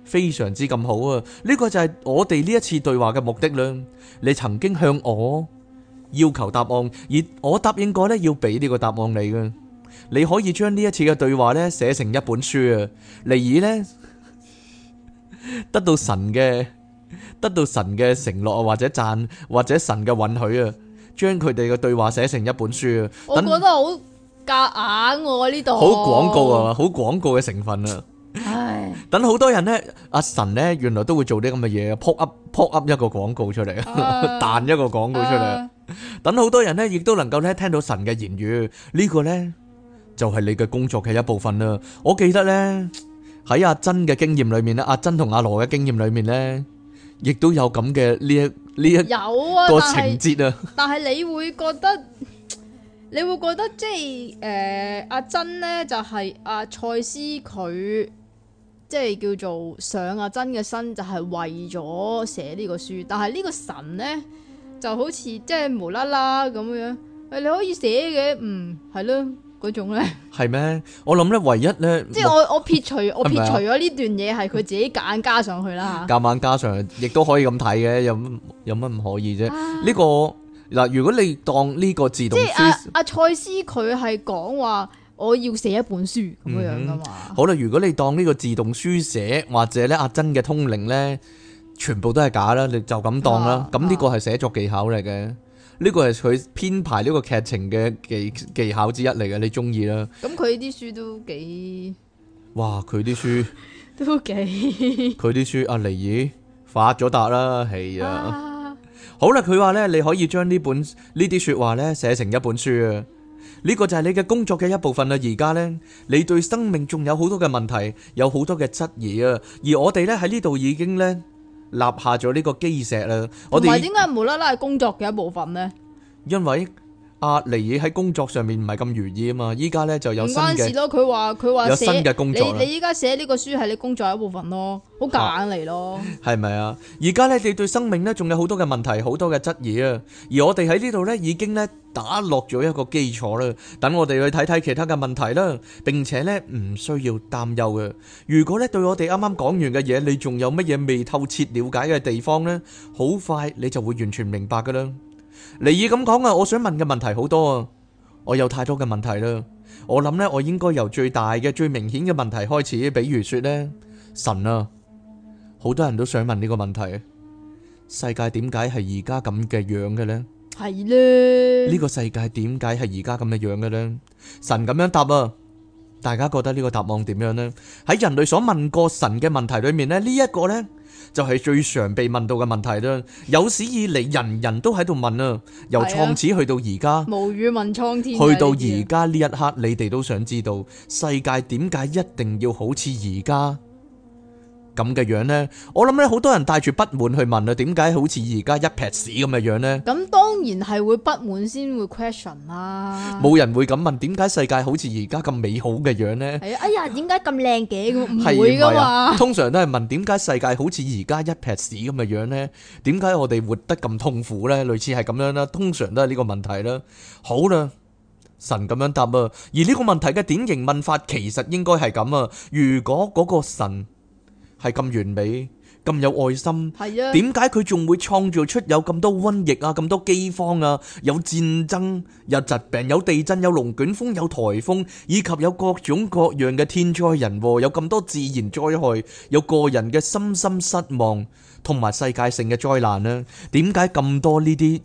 非常之咁好啊！呢個就係我哋呢一次對話嘅目的啦。你曾經向我要求答案，而我答應過咧要俾呢個答案你嘅。你可以將呢一次嘅對話咧寫成一本書啊。例如呢：「得到神嘅得到神嘅承諾或者贊或者神嘅允許啊，將佢哋嘅對話寫成一本書啊。書我覺得好夾硬我呢度，好廣告啊，好廣告嘅成分啊。等好多人咧，阿神咧，原來都會做啲咁嘅嘢，撲 up 撲 up 一個廣告出嚟，彈一個廣告出嚟。等好多人咧，亦都能夠咧聽到神嘅言語。呢個咧就係你嘅工作嘅一部分啦。我記得咧喺阿珍嘅經驗裏面咧，阿珍同阿羅嘅經驗裏面咧，亦都有咁嘅呢一呢一個情節啊。但係你會覺得你會覺得即係誒，阿珍咧就係阿蔡思佢。即係叫做上阿珍嘅身，就係為咗寫呢個書。但係呢個神咧，就好似即係無啦啦咁樣，係你可以寫嘅，嗯，係咯嗰種咧。係咩？我諗咧，唯一咧，即係我我撇除 我撇除咗呢段嘢係佢自己夾硬加上去啦。夾硬加上去，亦都 可以咁睇嘅，有有乜唔可以啫？呢、啊這個嗱，如果你當呢個自動，即係阿阿蔡司佢係講話。我要寫一本書咁、嗯嗯、樣噶嘛？好啦，如果你當呢個自動書寫或者咧阿珍嘅通靈咧，全部都係假啦，你就咁當啦。咁呢、啊、個係寫作技巧嚟嘅，呢、啊、個係佢編排呢個劇情嘅技技巧之一嚟嘅，你中意啦。咁佢啲書都幾？哇！佢啲書 都幾？佢 啲書阿尼爾發咗達啦，係啊。了了啊好啦，佢話咧，你可以將呢本書呢啲說話咧寫成一本書啊。呢個就係你嘅工作嘅一部分啦。而家呢，你對生命仲有好多嘅問題，有好多嘅質疑啊。而我哋呢，喺呢度已經呢，立下咗呢個基石啦。和我哋同點解無啦啦係工作嘅一部分呢？因為阿尼爾喺工作上面唔係咁如意啊嘛，依家咧就有新嘅，唔關事咯。佢話佢話有新嘅工作。你你依家寫呢個書係你工作一部分咯，好夾硬嚟咯。係咪啊？而家咧你對生命咧仲有好多嘅問題，好多嘅質疑啊。而我哋喺呢度咧已經咧打落咗一個基礎啦，等我哋去睇睇其他嘅問題啦，並且咧唔需要擔憂嘅。如果咧對我哋啱啱講完嘅嘢，你仲有乜嘢未透徹了解嘅地方咧？好快你就會完全明白噶啦。你以咁講啊，我想問嘅問題好多啊，我有太多嘅問題啦。我諗呢，我應該由最大嘅最明顯嘅問題開始。比如說呢，神啊，好多人都想問呢個問題：世界點解係而家咁嘅樣嘅呢？係呢？呢個世界點解係而家咁嘅樣嘅呢？神咁樣答啊！大家覺得呢個答案點樣呢？喺人類所問過神嘅問題裏面咧，呢一個呢，就係最常被問到嘅問題啦。有史以嚟，人人都喺度問啦，由創始去到而家，無語問蒼天，去到而家呢一刻，你哋都想知道世界點解一定要好似而家咁嘅樣呢，我諗咧，好多人帶住不滿去問啦，點解好似而家一撇屎咁嘅樣呢？咁當然係會不滿先會 question 啦。冇人會咁問，點解世界好似而家咁美好嘅樣呢？係啊，哎呀，點解咁靚嘅？唔會噶嘛。通常都係問，點解世界好似而家一撇屎咁嘅樣呢？點解我哋活得咁痛苦呢？類似係咁樣啦，通常都係呢個問題啦。好啦，神咁樣答啊。而呢個問題嘅典型問法其實應該係咁啊。如果嗰個神係咁完美，咁有愛心，點解佢仲會創造出有咁多瘟疫啊，咁多饑荒啊，有戰爭，有疾病，有地震，有龍捲風，有台風，以及有各種各樣嘅天災人禍，有咁多自然災害，有個人嘅深深失望，同埋世界性嘅災難呢？點解咁多呢啲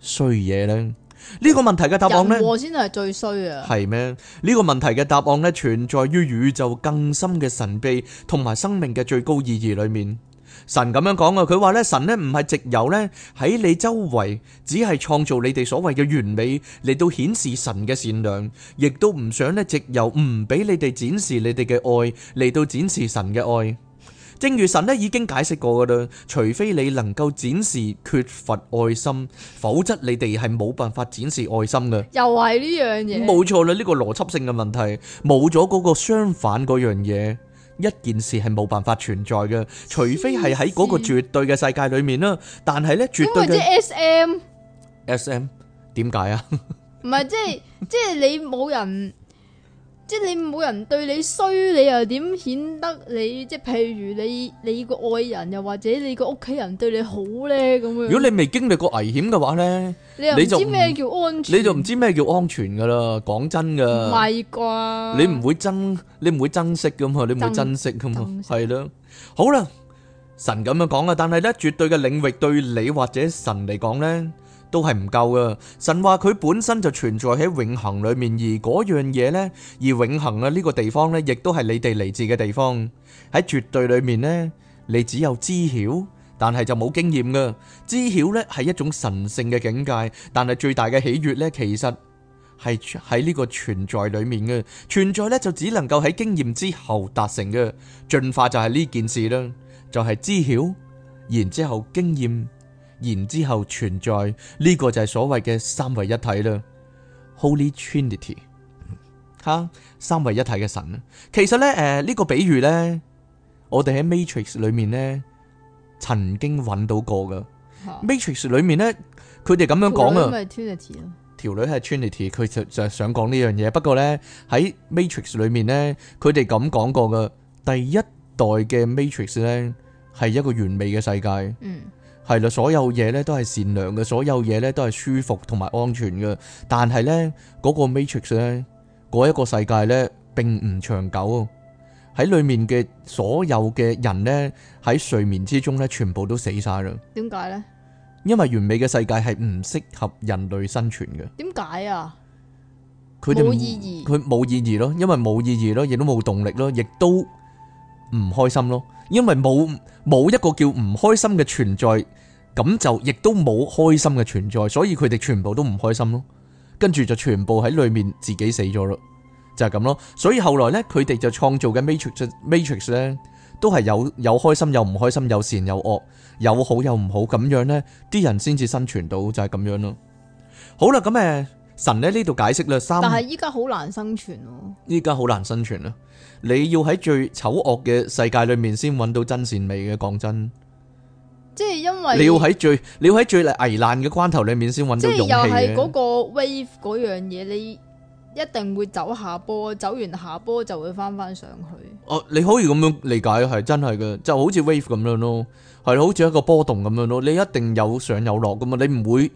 衰嘢呢？呢個問題嘅答案呢，人禍先係最衰啊，係咩？呢、呢個問題嘅答案呢，存在於宇宙更深嘅神秘同埋生命嘅最高意義裏面。神咁樣講啊，佢話呢，神呢唔係藉由呢喺你周圍，只係創造你哋所謂嘅完美嚟到顯示神嘅善良，亦都唔想呢藉由唔俾你哋展示你哋嘅愛嚟到展示神嘅愛。正如神咧已經解釋過噶啦，除非你能夠展示缺乏愛心，否則你哋係冇辦法展示愛心嘅。又係呢樣嘢？冇錯啦，呢個邏輯性嘅問題，冇咗嗰個相反嗰樣嘢，一件事係冇辦法存在嘅，除非係喺嗰個絕對嘅世界裏面啦。但係咧，絕對嘅。因為 S M S M 點解啊？唔係即係即係你冇人。即係你冇人對你衰，你又點顯得你？即係譬如你你個愛人又或者你個屋企人對你好咧咁啊。如果你未經歷過危險嘅話咧，你就唔知咩叫安全，你就唔知咩叫安全噶啦。講真噶，唔係啩？你唔會珍，你唔會珍惜噶嘛？你唔會珍惜噶嘛？係咯，好啦，神咁樣講啊，但係咧絕對嘅領域對你或者神嚟講咧，都係唔夠噶。神話佢本身就存在喺永恆裏面，而嗰樣嘢咧，而永恆咧呢個地方咧，亦都係你哋嚟自嘅地方。喺絕對裏面咧，你只有知曉，但係就冇經驗噶。知曉咧係一種神聖嘅境界，但係最大嘅喜悅咧，其實係喺呢個存在裏面嘅存在咧，就只能夠喺經驗之後達成嘅。進化就係呢件事啦，就係知曉，然之後經驗。然之後存在呢、這個就係所謂嘅三位一體啦，Holy Trinity 吓、啊，三位一體嘅神。其實咧，誒、呃、呢、這個比喻咧，我哋喺 Mat、啊、Matrix 裏面咧，曾經揾到過噶 Matrix 裏面咧，佢哋咁樣講啊，條女係 Trinity，佢就就想講呢樣嘢。不過咧喺 Matrix 裏面咧，佢哋咁講過嘅第一代嘅 Matrix 咧，係一個完美嘅世界。嗯。係啦，所有嘢咧都係善良嘅，所有嘢咧都係舒服同埋安全嘅。但係咧嗰個 Matrix 咧，嗰一個世界咧並唔長久，喺裏面嘅所有嘅人咧，喺睡眠之中咧，全部都死晒啦。點解咧？因為完美嘅世界係唔適合人類生存嘅。點解啊？佢哋冇意義，佢冇意義咯，因為冇意義咯，亦都冇動力咯，亦都唔開心咯。因為冇冇一個叫唔開心嘅存在，咁就亦都冇開心嘅存在，所以佢哋全部都唔開心咯。跟住就全部喺裏面自己死咗咯，就係咁咯。所以後來咧，佢哋就創造嘅 Mat Matrix Matrix 咧，都係有有開心，有唔開心，有善有惡，有好有唔好，咁樣咧，啲人先至生存到就係、是、咁樣咯。好啦，咁誒，神咧呢度解釋啦，三但係依家好難生存哦，依家好難生存啦。你要喺最醜惡嘅世界裏面先揾到真善美嘅，講真，即係因為你要喺最你要喺最危難嘅關頭裏面先揾到勇氣嘅。即係又係嗰個 wave 嗰樣嘢，你一定會走下波，走完下波就會翻翻上去。哦，你可以咁樣理解係真係嘅，就好似 wave 咁樣咯，係好似一個波動咁樣咯，你一定有上有落噶嘛，你唔會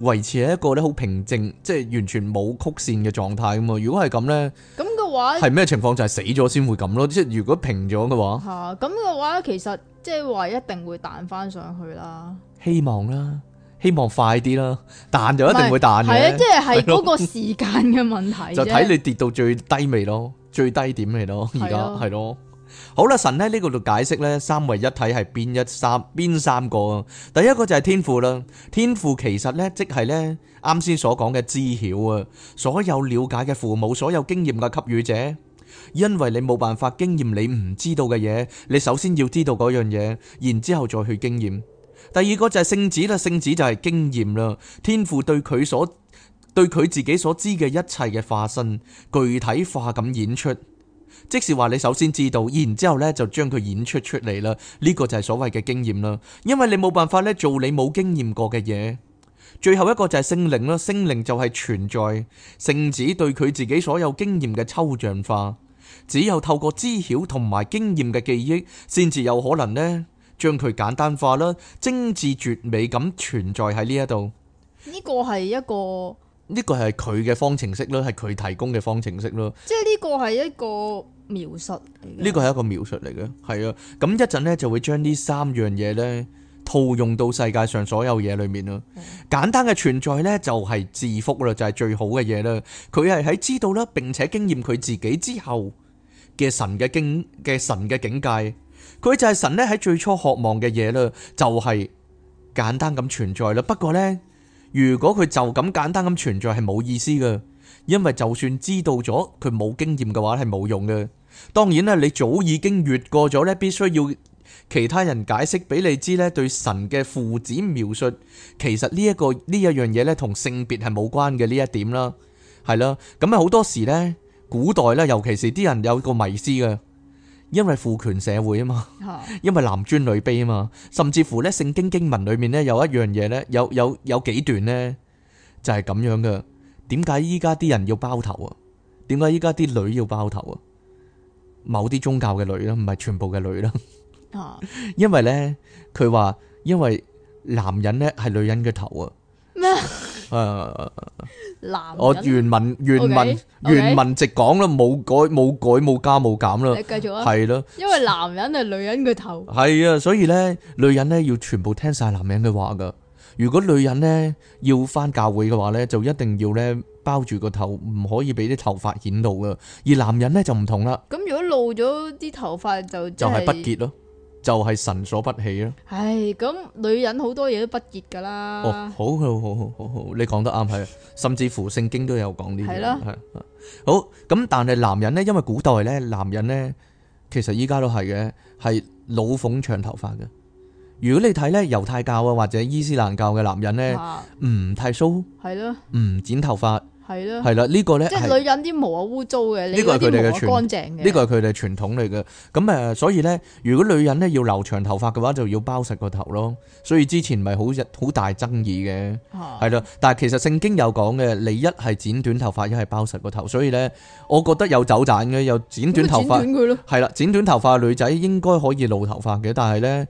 維持喺一個咧好平靜，即係完全冇曲線嘅狀態噶嘛。如果係咁咧，咁。係咩情況，就係、是、死咗先會咁咯，即係如果平咗嘅話，吓，咁嘅話其實即係話一定會彈翻上去啦，希望啦，希望快啲啦，彈就一定會彈嘅，係啊，即係係嗰個時間嘅問題， 就睇你跌到最低未咯，最低點未咯，而家係咯。好啦，神喺呢個度解釋呢，三位一體係邊一三邊三個啊？第一個就係天父啦，天父其實呢，即係呢啱先所講嘅知曉啊，所有了解嘅父母，所有經驗嘅給予者，因為你冇辦法經驗你唔知道嘅嘢，你首先要知道嗰樣嘢，然之後再去經驗。第二個就係聖子啦，聖子就係經驗啦，天父對佢所對佢自己所知嘅一切嘅化身具體化咁演出。即是話你首先知道，然之後咧就將佢演出出嚟啦。呢個就係所謂嘅經驗啦，因為你冇辦法咧做你冇經驗過嘅嘢。最後一個就係聖靈啦，聖靈就係存在聖子對佢自己所有經驗嘅抽象化。只有透過知曉同埋經驗嘅記憶，先至有可能呢將佢簡單化啦，精緻絕美咁存在喺呢一度。呢個係一個呢個係佢嘅方程式咯，係佢提供嘅方程式咯。即係呢個係一個，描述呢個係一個描述嚟嘅，係啊，咁一陣呢，就會將呢三樣嘢呢套用到世界上所有嘢裏面咯。嗯、簡單嘅存在呢，就係自福啦，就係最好嘅嘢啦。佢係喺知道啦並且經驗佢自己之後嘅神嘅境嘅神嘅境界，佢就係神呢喺最初渴望嘅嘢啦，就係、是、簡單咁存在啦。不過呢，如果佢就咁簡單咁存在係冇意思嘅，因為就算知道咗佢冇經驗嘅話係冇用嘅。當然咧，你早已經越過咗咧，必須要其他人解釋俾你知咧，對神嘅父子描述其實呢一個呢一樣嘢咧，同性別係冇關嘅呢一點啦，係啦。咁啊，好多時咧，古代咧，尤其是啲人有個迷思嘅，因為父權社會啊嘛，因為男尊女卑啊嘛，甚至乎咧聖經經文裡面咧有一樣嘢咧，有有有幾段咧就係咁樣嘅。點解依家啲人要包頭啊？點解依家啲女要包頭啊？某啲宗教嘅女啦，唔係全部嘅女啦。啊，因為咧，佢話因為男人咧係女人嘅頭啊。咩啊？男我原文原文原文直講啦，冇改冇改冇加冇減啦。你繼續啊。係咯，因為男人係女人嘅頭。係啊，所以咧，女人咧要全部聽晒男人嘅話噶。如果女人呢要翻教會嘅話呢，就一定要呢包住個頭，唔可以俾啲頭髮顯露噶。而男人呢就唔同啦。咁如果露咗啲頭髮就就係、是、不潔咯，就係、是、神所不起咯。唉，咁女人好多嘢都不潔噶啦。哦，好，好好好好好，你講得啱係。 甚至乎聖經都有講呢啲嘢。係的好，咁但係男人呢，因為古代呢，男人呢，其實依家都係嘅，係老鳳長頭髮嘅。如果你睇咧猶太教啊或者伊斯蘭教嘅男人咧，唔剃鬚，係咯，唔的剪頭髮，係咯的，係啦呢個咧，即係女人啲毛好污糟嘅，呢個係佢哋嘅乾淨，呢個係佢哋傳統嚟嘅。咁誒，所以咧，如果女人咧要留長頭髮嘅話，就要包實個頭咯。所以之前咪好好大爭議嘅，係咯、啊。但係其實聖經有講嘅，你一係剪短頭髮，一係包實個頭。所以咧，我覺得有走盞嘅，有剪短頭髮，係啦，剪短頭髮嘅女仔應該可以露頭髮嘅，但係咧。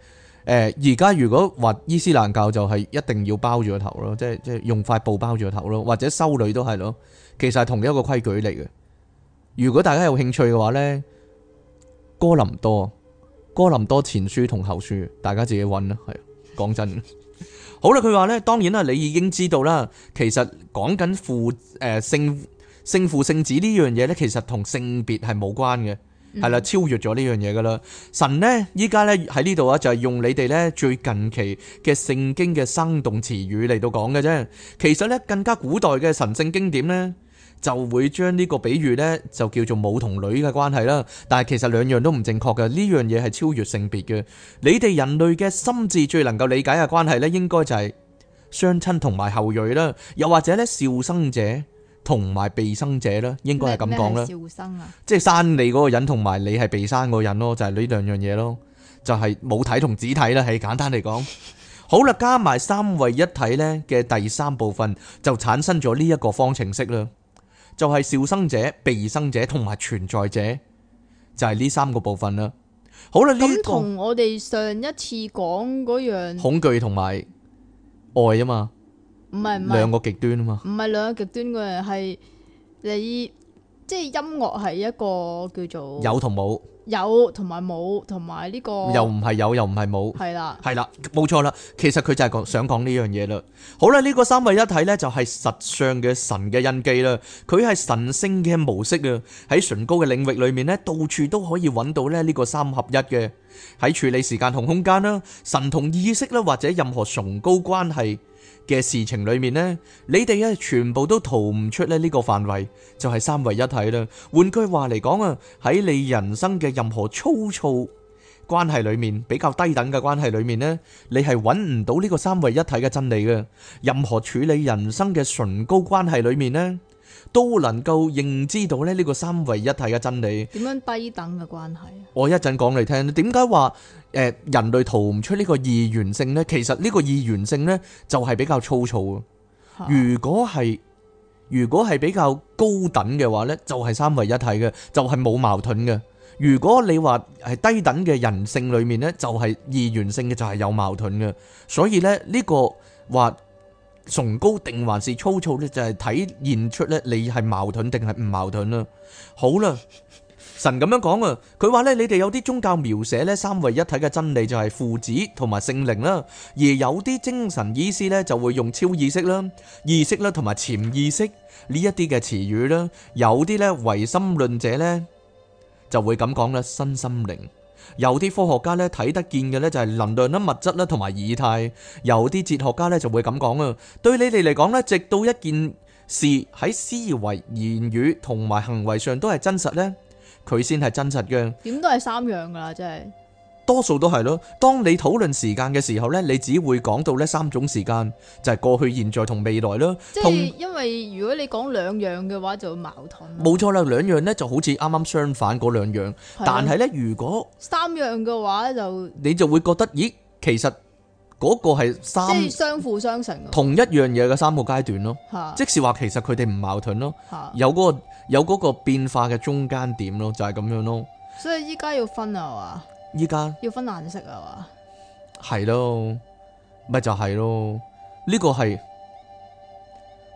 誒，而家如果話伊斯蘭教就係一定要包住個頭咯，即係即係用塊布包住個頭咯，或者修女都係咯，其實係同一個規矩嚟嘅。如果大家有興趣嘅話咧，《哥林多》《哥林多前書》同《後書》，大家自己揾啦。係，講真， 好啦，佢話咧，當然啦，你已經知道啦，其實講緊父誒、呃、聖聖父聖子呢樣嘢咧，其實同性別係冇關嘅。係啦，嗯、超越咗呢樣嘢噶啦。神呢，依家呢，喺呢度啊，就係用你哋呢最近期嘅聖經嘅生動詞語嚟到講嘅啫。其實呢，更加古代嘅神聖經典呢，就會將呢個比喻呢，就叫做母同女嘅關係啦。但係其實兩樣都唔正確嘅，呢樣嘢係超越性別嘅。你哋人類嘅心智最能夠理解嘅關係呢，應該就係雙親同埋後裔啦，又或者呢，笑生者。同埋被生者咧，應該係咁講咧，即係生你嗰個人同埋你係被生嗰個人咯，就係、是、呢兩樣嘢咯，就係母體同子體啦，係簡單嚟講。好啦，加埋三位一體呢嘅第三部分，就產生咗呢一個方程式啦，就係、是、笑生者、被生者同埋存在者，就係、是、呢三個部分啦。好啦，咁同我哋上一次講嗰樣，恐懼同埋愛啊嘛。唔係，兩個極端啊嘛！唔係兩個極端嘅係你，即係音樂係一個叫做有同冇，有同埋冇，同埋呢個又唔係有，又唔係冇，係啦，係啦，冇錯啦。其實佢就係講想講呢樣嘢啦。好啦，呢個三位一體咧就係實相嘅神嘅印記啦。佢係神聖嘅模式啊！喺崇高嘅領域裏面咧，到處都可以揾到咧呢個三合一嘅喺處理時間同空間啦，神同意識啦，或者任何崇高關係。嘅事情裏面呢，你哋咧全部都逃唔出呢個範圍，就係三位一體啦。換句話嚟講啊，喺你人生嘅任何粗糙關係裏面，比較低等嘅關係裏面呢，你係揾唔到呢個三位一體嘅真理嘅。任何處理人生嘅崇高關係裏面呢，都能夠認知到咧呢個三為一體嘅真理。點樣低等嘅關係啊？我一陣講你聽。點解話誒人類逃唔出呢個二元性咧？其實呢個二元性咧就係比較粗糙啊。如果係，如果係比較高等嘅話咧，就係三為一體嘅，就係冇矛盾嘅。如果你話係低等嘅人性裏面咧，就係二元性嘅，就係有矛盾嘅。所以咧呢個話。崇高定還是粗糙呢？就係、是、體現出咧你係矛盾定係唔矛盾啦。好啦，神咁樣講啊，佢話呢：「你哋有啲宗教描寫呢，三位一體嘅真理就係父子同埋聖靈啦，而有啲精神醫師呢，就會用超意識啦、意識啦同埋潛意識呢一啲嘅詞語啦，有啲呢唯心論者呢，就會咁講啦，身心靈。有啲科學家咧睇得見嘅咧，就係能量啦、物質啦同埋二態。有啲哲學家咧就會咁講啊，對你哋嚟講咧，直到一件事喺思維、言語同埋行為上都係真實咧，佢先係真實嘅。點都係三樣噶啦，真係。多數都係咯。當你討論時間嘅時候呢，你只會講到呢三種時間，就係過去、現在同未來咯。即係因為如果你講兩樣嘅話，就會矛盾。冇錯啦，兩樣呢就好似啱啱相反嗰兩樣。但係呢，如果三樣嘅話，就你就會覺得，咦，其實嗰個係三，即係相輔相成，同一樣嘢嘅三個階段咯。即係話其實佢哋唔矛盾咯，有嗰個有嗰個變化嘅中間點咯，就係咁樣咯。所以依家要分啊嘛。依家要分顏色啊嘛，係咯，咪就係咯，呢個係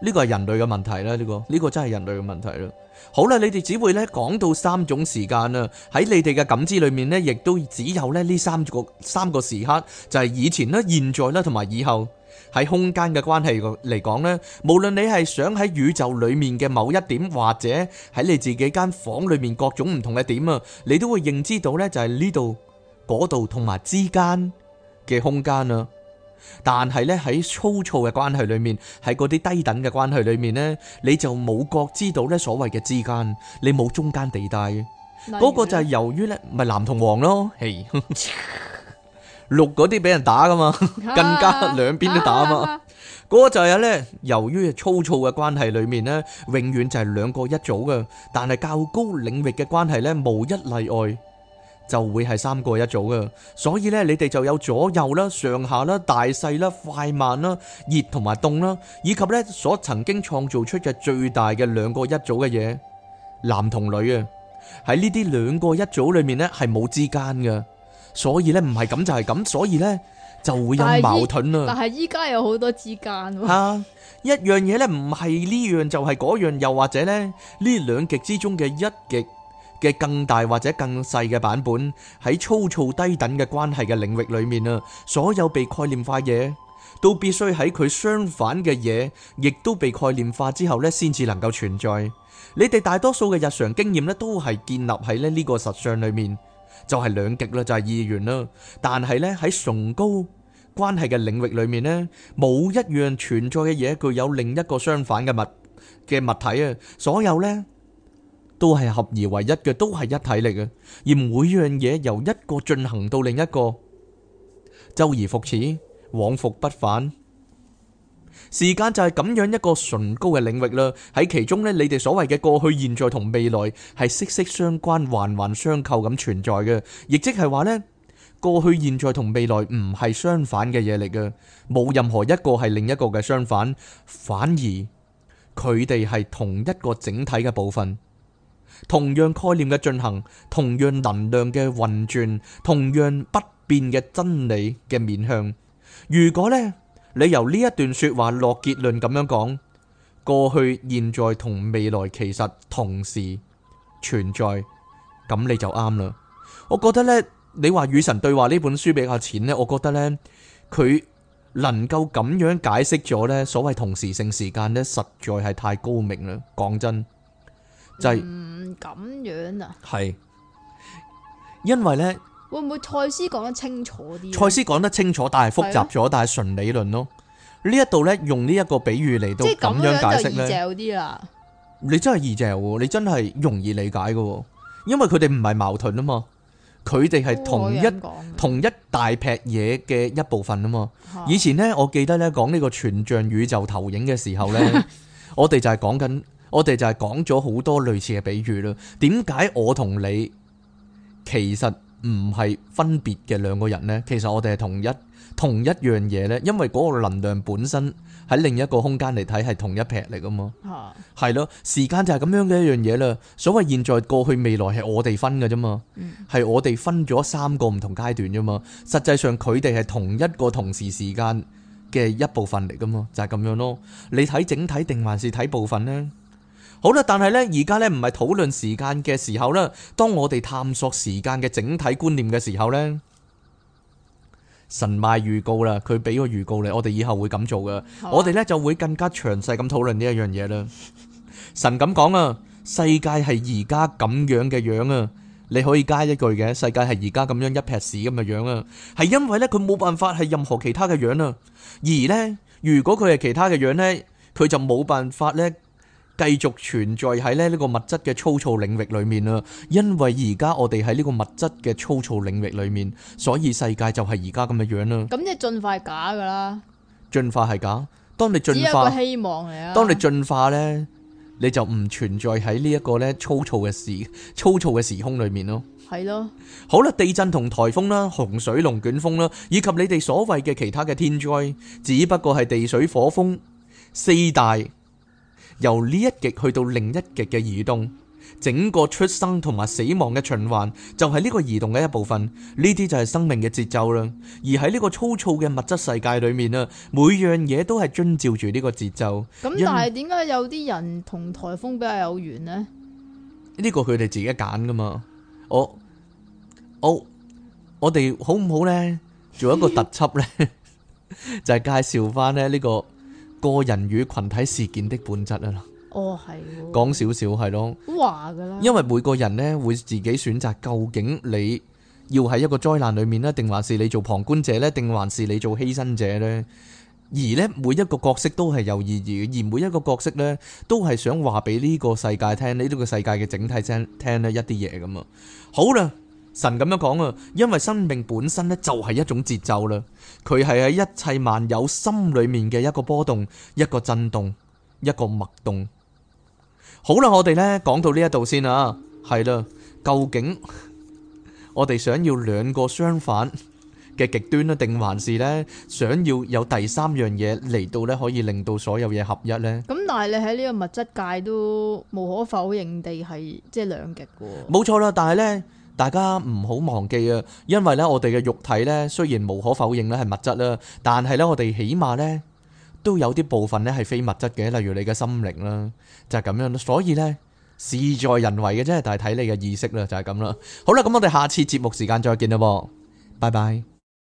呢個係人類嘅問題啦，呢個呢個真係人類嘅問題啦。好啦，你哋只會咧講到三種時間啦，喺你哋嘅感知裏面呢，亦都只有咧呢三個三個時刻，就係以前啦、現在啦同埋以後。喺空間嘅關係嚟講咧，無論你係想喺宇宙裡面嘅某一點，或者喺你自己間房裡面各種唔同嘅點啊，你都會認知到咧就係呢度、嗰度同埋之間嘅空間啦。但係咧，喺粗糙嘅關係裡面，喺嗰啲低等嘅關係裡面咧，你就冇覺知道咧所謂嘅之間，你冇中間地帶嘅。嗰個就係由於咧，咪藍同黃咯，嘿。六嗰啲俾人打噶嘛，更加兩邊都打啊嘛。嗰個就係咧，由於粗糙嘅關係裏面咧，永遠就係兩個一組嘅。但係較高領域嘅關係咧，無一例外就會係三個一組嘅。所以咧，你哋就有左右啦、上下啦、大細啦、快慢啦、熱同埋凍啦，以及咧所曾經創造出嘅最大嘅兩個一組嘅嘢，男同女啊。喺呢啲兩個一組裏面咧，係冇之間噶。所以咧，唔係咁就係咁，所以呢就會有矛盾啦。但係依家有好多之間，啊，一樣嘢呢唔係呢樣就係嗰樣，又或者呢呢兩極之中嘅一極嘅更大或者更細嘅版本，喺粗糙低等嘅關係嘅領域裏面啊，所有被概念化嘢，都必須喺佢相反嘅嘢，亦都被概念化之後呢，先至能夠存在。你哋大多數嘅日常經驗呢，都係建立喺呢呢個實相裏面。就係兩極啦，就係二元啦。但係呢喺崇高關係嘅領域裏面呢，冇一樣存在嘅嘢具有另一個相反嘅物嘅物體啊。所有呢都係合而為一嘅，都係一體嚟嘅。而每樣嘢由一個進行到另一個，周而復始，往復不返。時間就係咁樣一個崇高嘅領域啦，喺其中呢，你哋所謂嘅過去、現在同未來係息息相關、環環相扣咁存在嘅，亦即係話呢，過去、現在同未來唔係相反嘅嘢嚟嘅，冇任何一個係另一個嘅相反，反而佢哋係同一個整體嘅部分，同樣概念嘅進行，同樣能量嘅運轉，同樣不變嘅真理嘅面向。如果呢，你由呢一段說話落結論咁樣講，過去、現在同未來其實同時存在，咁你就啱啦。我覺得呢，你話與神對話呢本書比較淺呢，我覺得呢，佢能夠咁樣解釋咗呢所謂同時性時間呢，實在係太高明啦。講真，就係、是、嗯、咁樣啊，係，因為呢。會唔會賽斯講得清楚啲？賽斯講得清楚，但係複雜咗，啊、但係純理論咯。呢一度呢，用呢一個比喻嚟到咁樣解釋呢，你真係易嚼，你真係容易理解噶。因為佢哋唔係矛盾啊嘛，佢哋係同一同一大劈嘢嘅一部分啊嘛。以前呢，我記得呢講呢個全像宇宙投影嘅時候呢， 我哋就係講緊，我哋就係講咗好多類似嘅比喻啦。點解我同你其實？唔係分別嘅兩個人呢，其實我哋係同一同一樣嘢呢，因為嗰個能量本身喺另一個空間嚟睇係同一劈嚟噶嘛，係咯，時間就係咁樣嘅一樣嘢啦。所謂現在、過去、未來係我哋分噶啫嘛，係我哋分咗三個唔同階段啫嘛。實際上佢哋係同一個同時時間嘅一部分嚟噶嘛，就係咁樣咯。你睇整體定還是睇部分呢？好啦，但係咧，而家咧唔係討論時間嘅時候啦。當我哋探索時間嘅整體觀念嘅時候咧，神賣預告啦，佢俾個預告你，我哋以後會咁做㗎。我哋咧就會更加詳細咁討論呢一樣嘢啦。神咁講啊，世界係而家咁樣嘅樣啊，你可以加一句嘅，世界係而家咁樣一撇屎咁嘅樣啊，係因為咧佢冇辦法係任何其他嘅樣啊。而咧，如果佢係其他嘅樣咧，佢就冇辦法咧。繼續存在喺呢呢個物質嘅粗糙領域裏面啦，因為而家我哋喺呢個物質嘅粗糙領域裏面，所以世界就係而家咁嘅樣啦。咁即係進化係假噶啦，進化係假。當你進化，希望當你進化呢，你就唔存在喺呢一個呢粗糙嘅時、粗糙嘅時空裏面咯。係咯的，好啦，地震同台風啦，洪水、龍捲風啦，以及你哋所謂嘅其他嘅天災，只不過係地水火風四大。由呢一極去到另一極嘅移動，整個出生同埋死亡嘅循環就係呢個移動嘅一部分。呢啲就係生命嘅節奏啦。而喺呢個粗糙嘅物質世界裏面啊，每樣嘢都係遵照住呢個節奏。咁但係點解有啲人同台風比較有緣呢？呢個佢哋自己揀噶嘛。我我我哋好唔好呢？做一個特輯呢， 就係介紹翻呢呢個。個人與群體事件的本質啊啦，講少少係咯，話噶啦，因為每個人咧會自己選擇究竟你要喺一個災難裏面咧，定還是你做旁觀者咧，定還是你做犧牲者咧？而咧每一個角色都係有意義，而每一個角色咧都係想話俾呢個世界聽，呢個世界嘅整體聲聽咧一啲嘢咁啊！好啦。神咁樣講啊，因為生命本身咧就係一種節奏啦，佢係喺一切萬有心裏面嘅一個波動、一個震動、一個脈動。好啦，我哋咧講到呢一度先啊，係啦，究竟我哋想要兩個相反嘅極端咧，定還是咧想要有第三樣嘢嚟到咧可以令到所有嘢合一咧？咁但係你喺呢個物質界都無可否認地係即係兩極嘅。冇錯啦，但係咧。大家唔好忘記啊，因為咧我哋嘅肉體咧雖然無可否認咧係物質啦，但係咧我哋起碼咧都有啲部分咧係非物質嘅，例如你嘅心靈啦，就係咁樣。所以咧事在人為嘅啫，但係睇你嘅意識啦，就係咁啦。好啦，咁我哋下次節目時間再見啦，拜拜。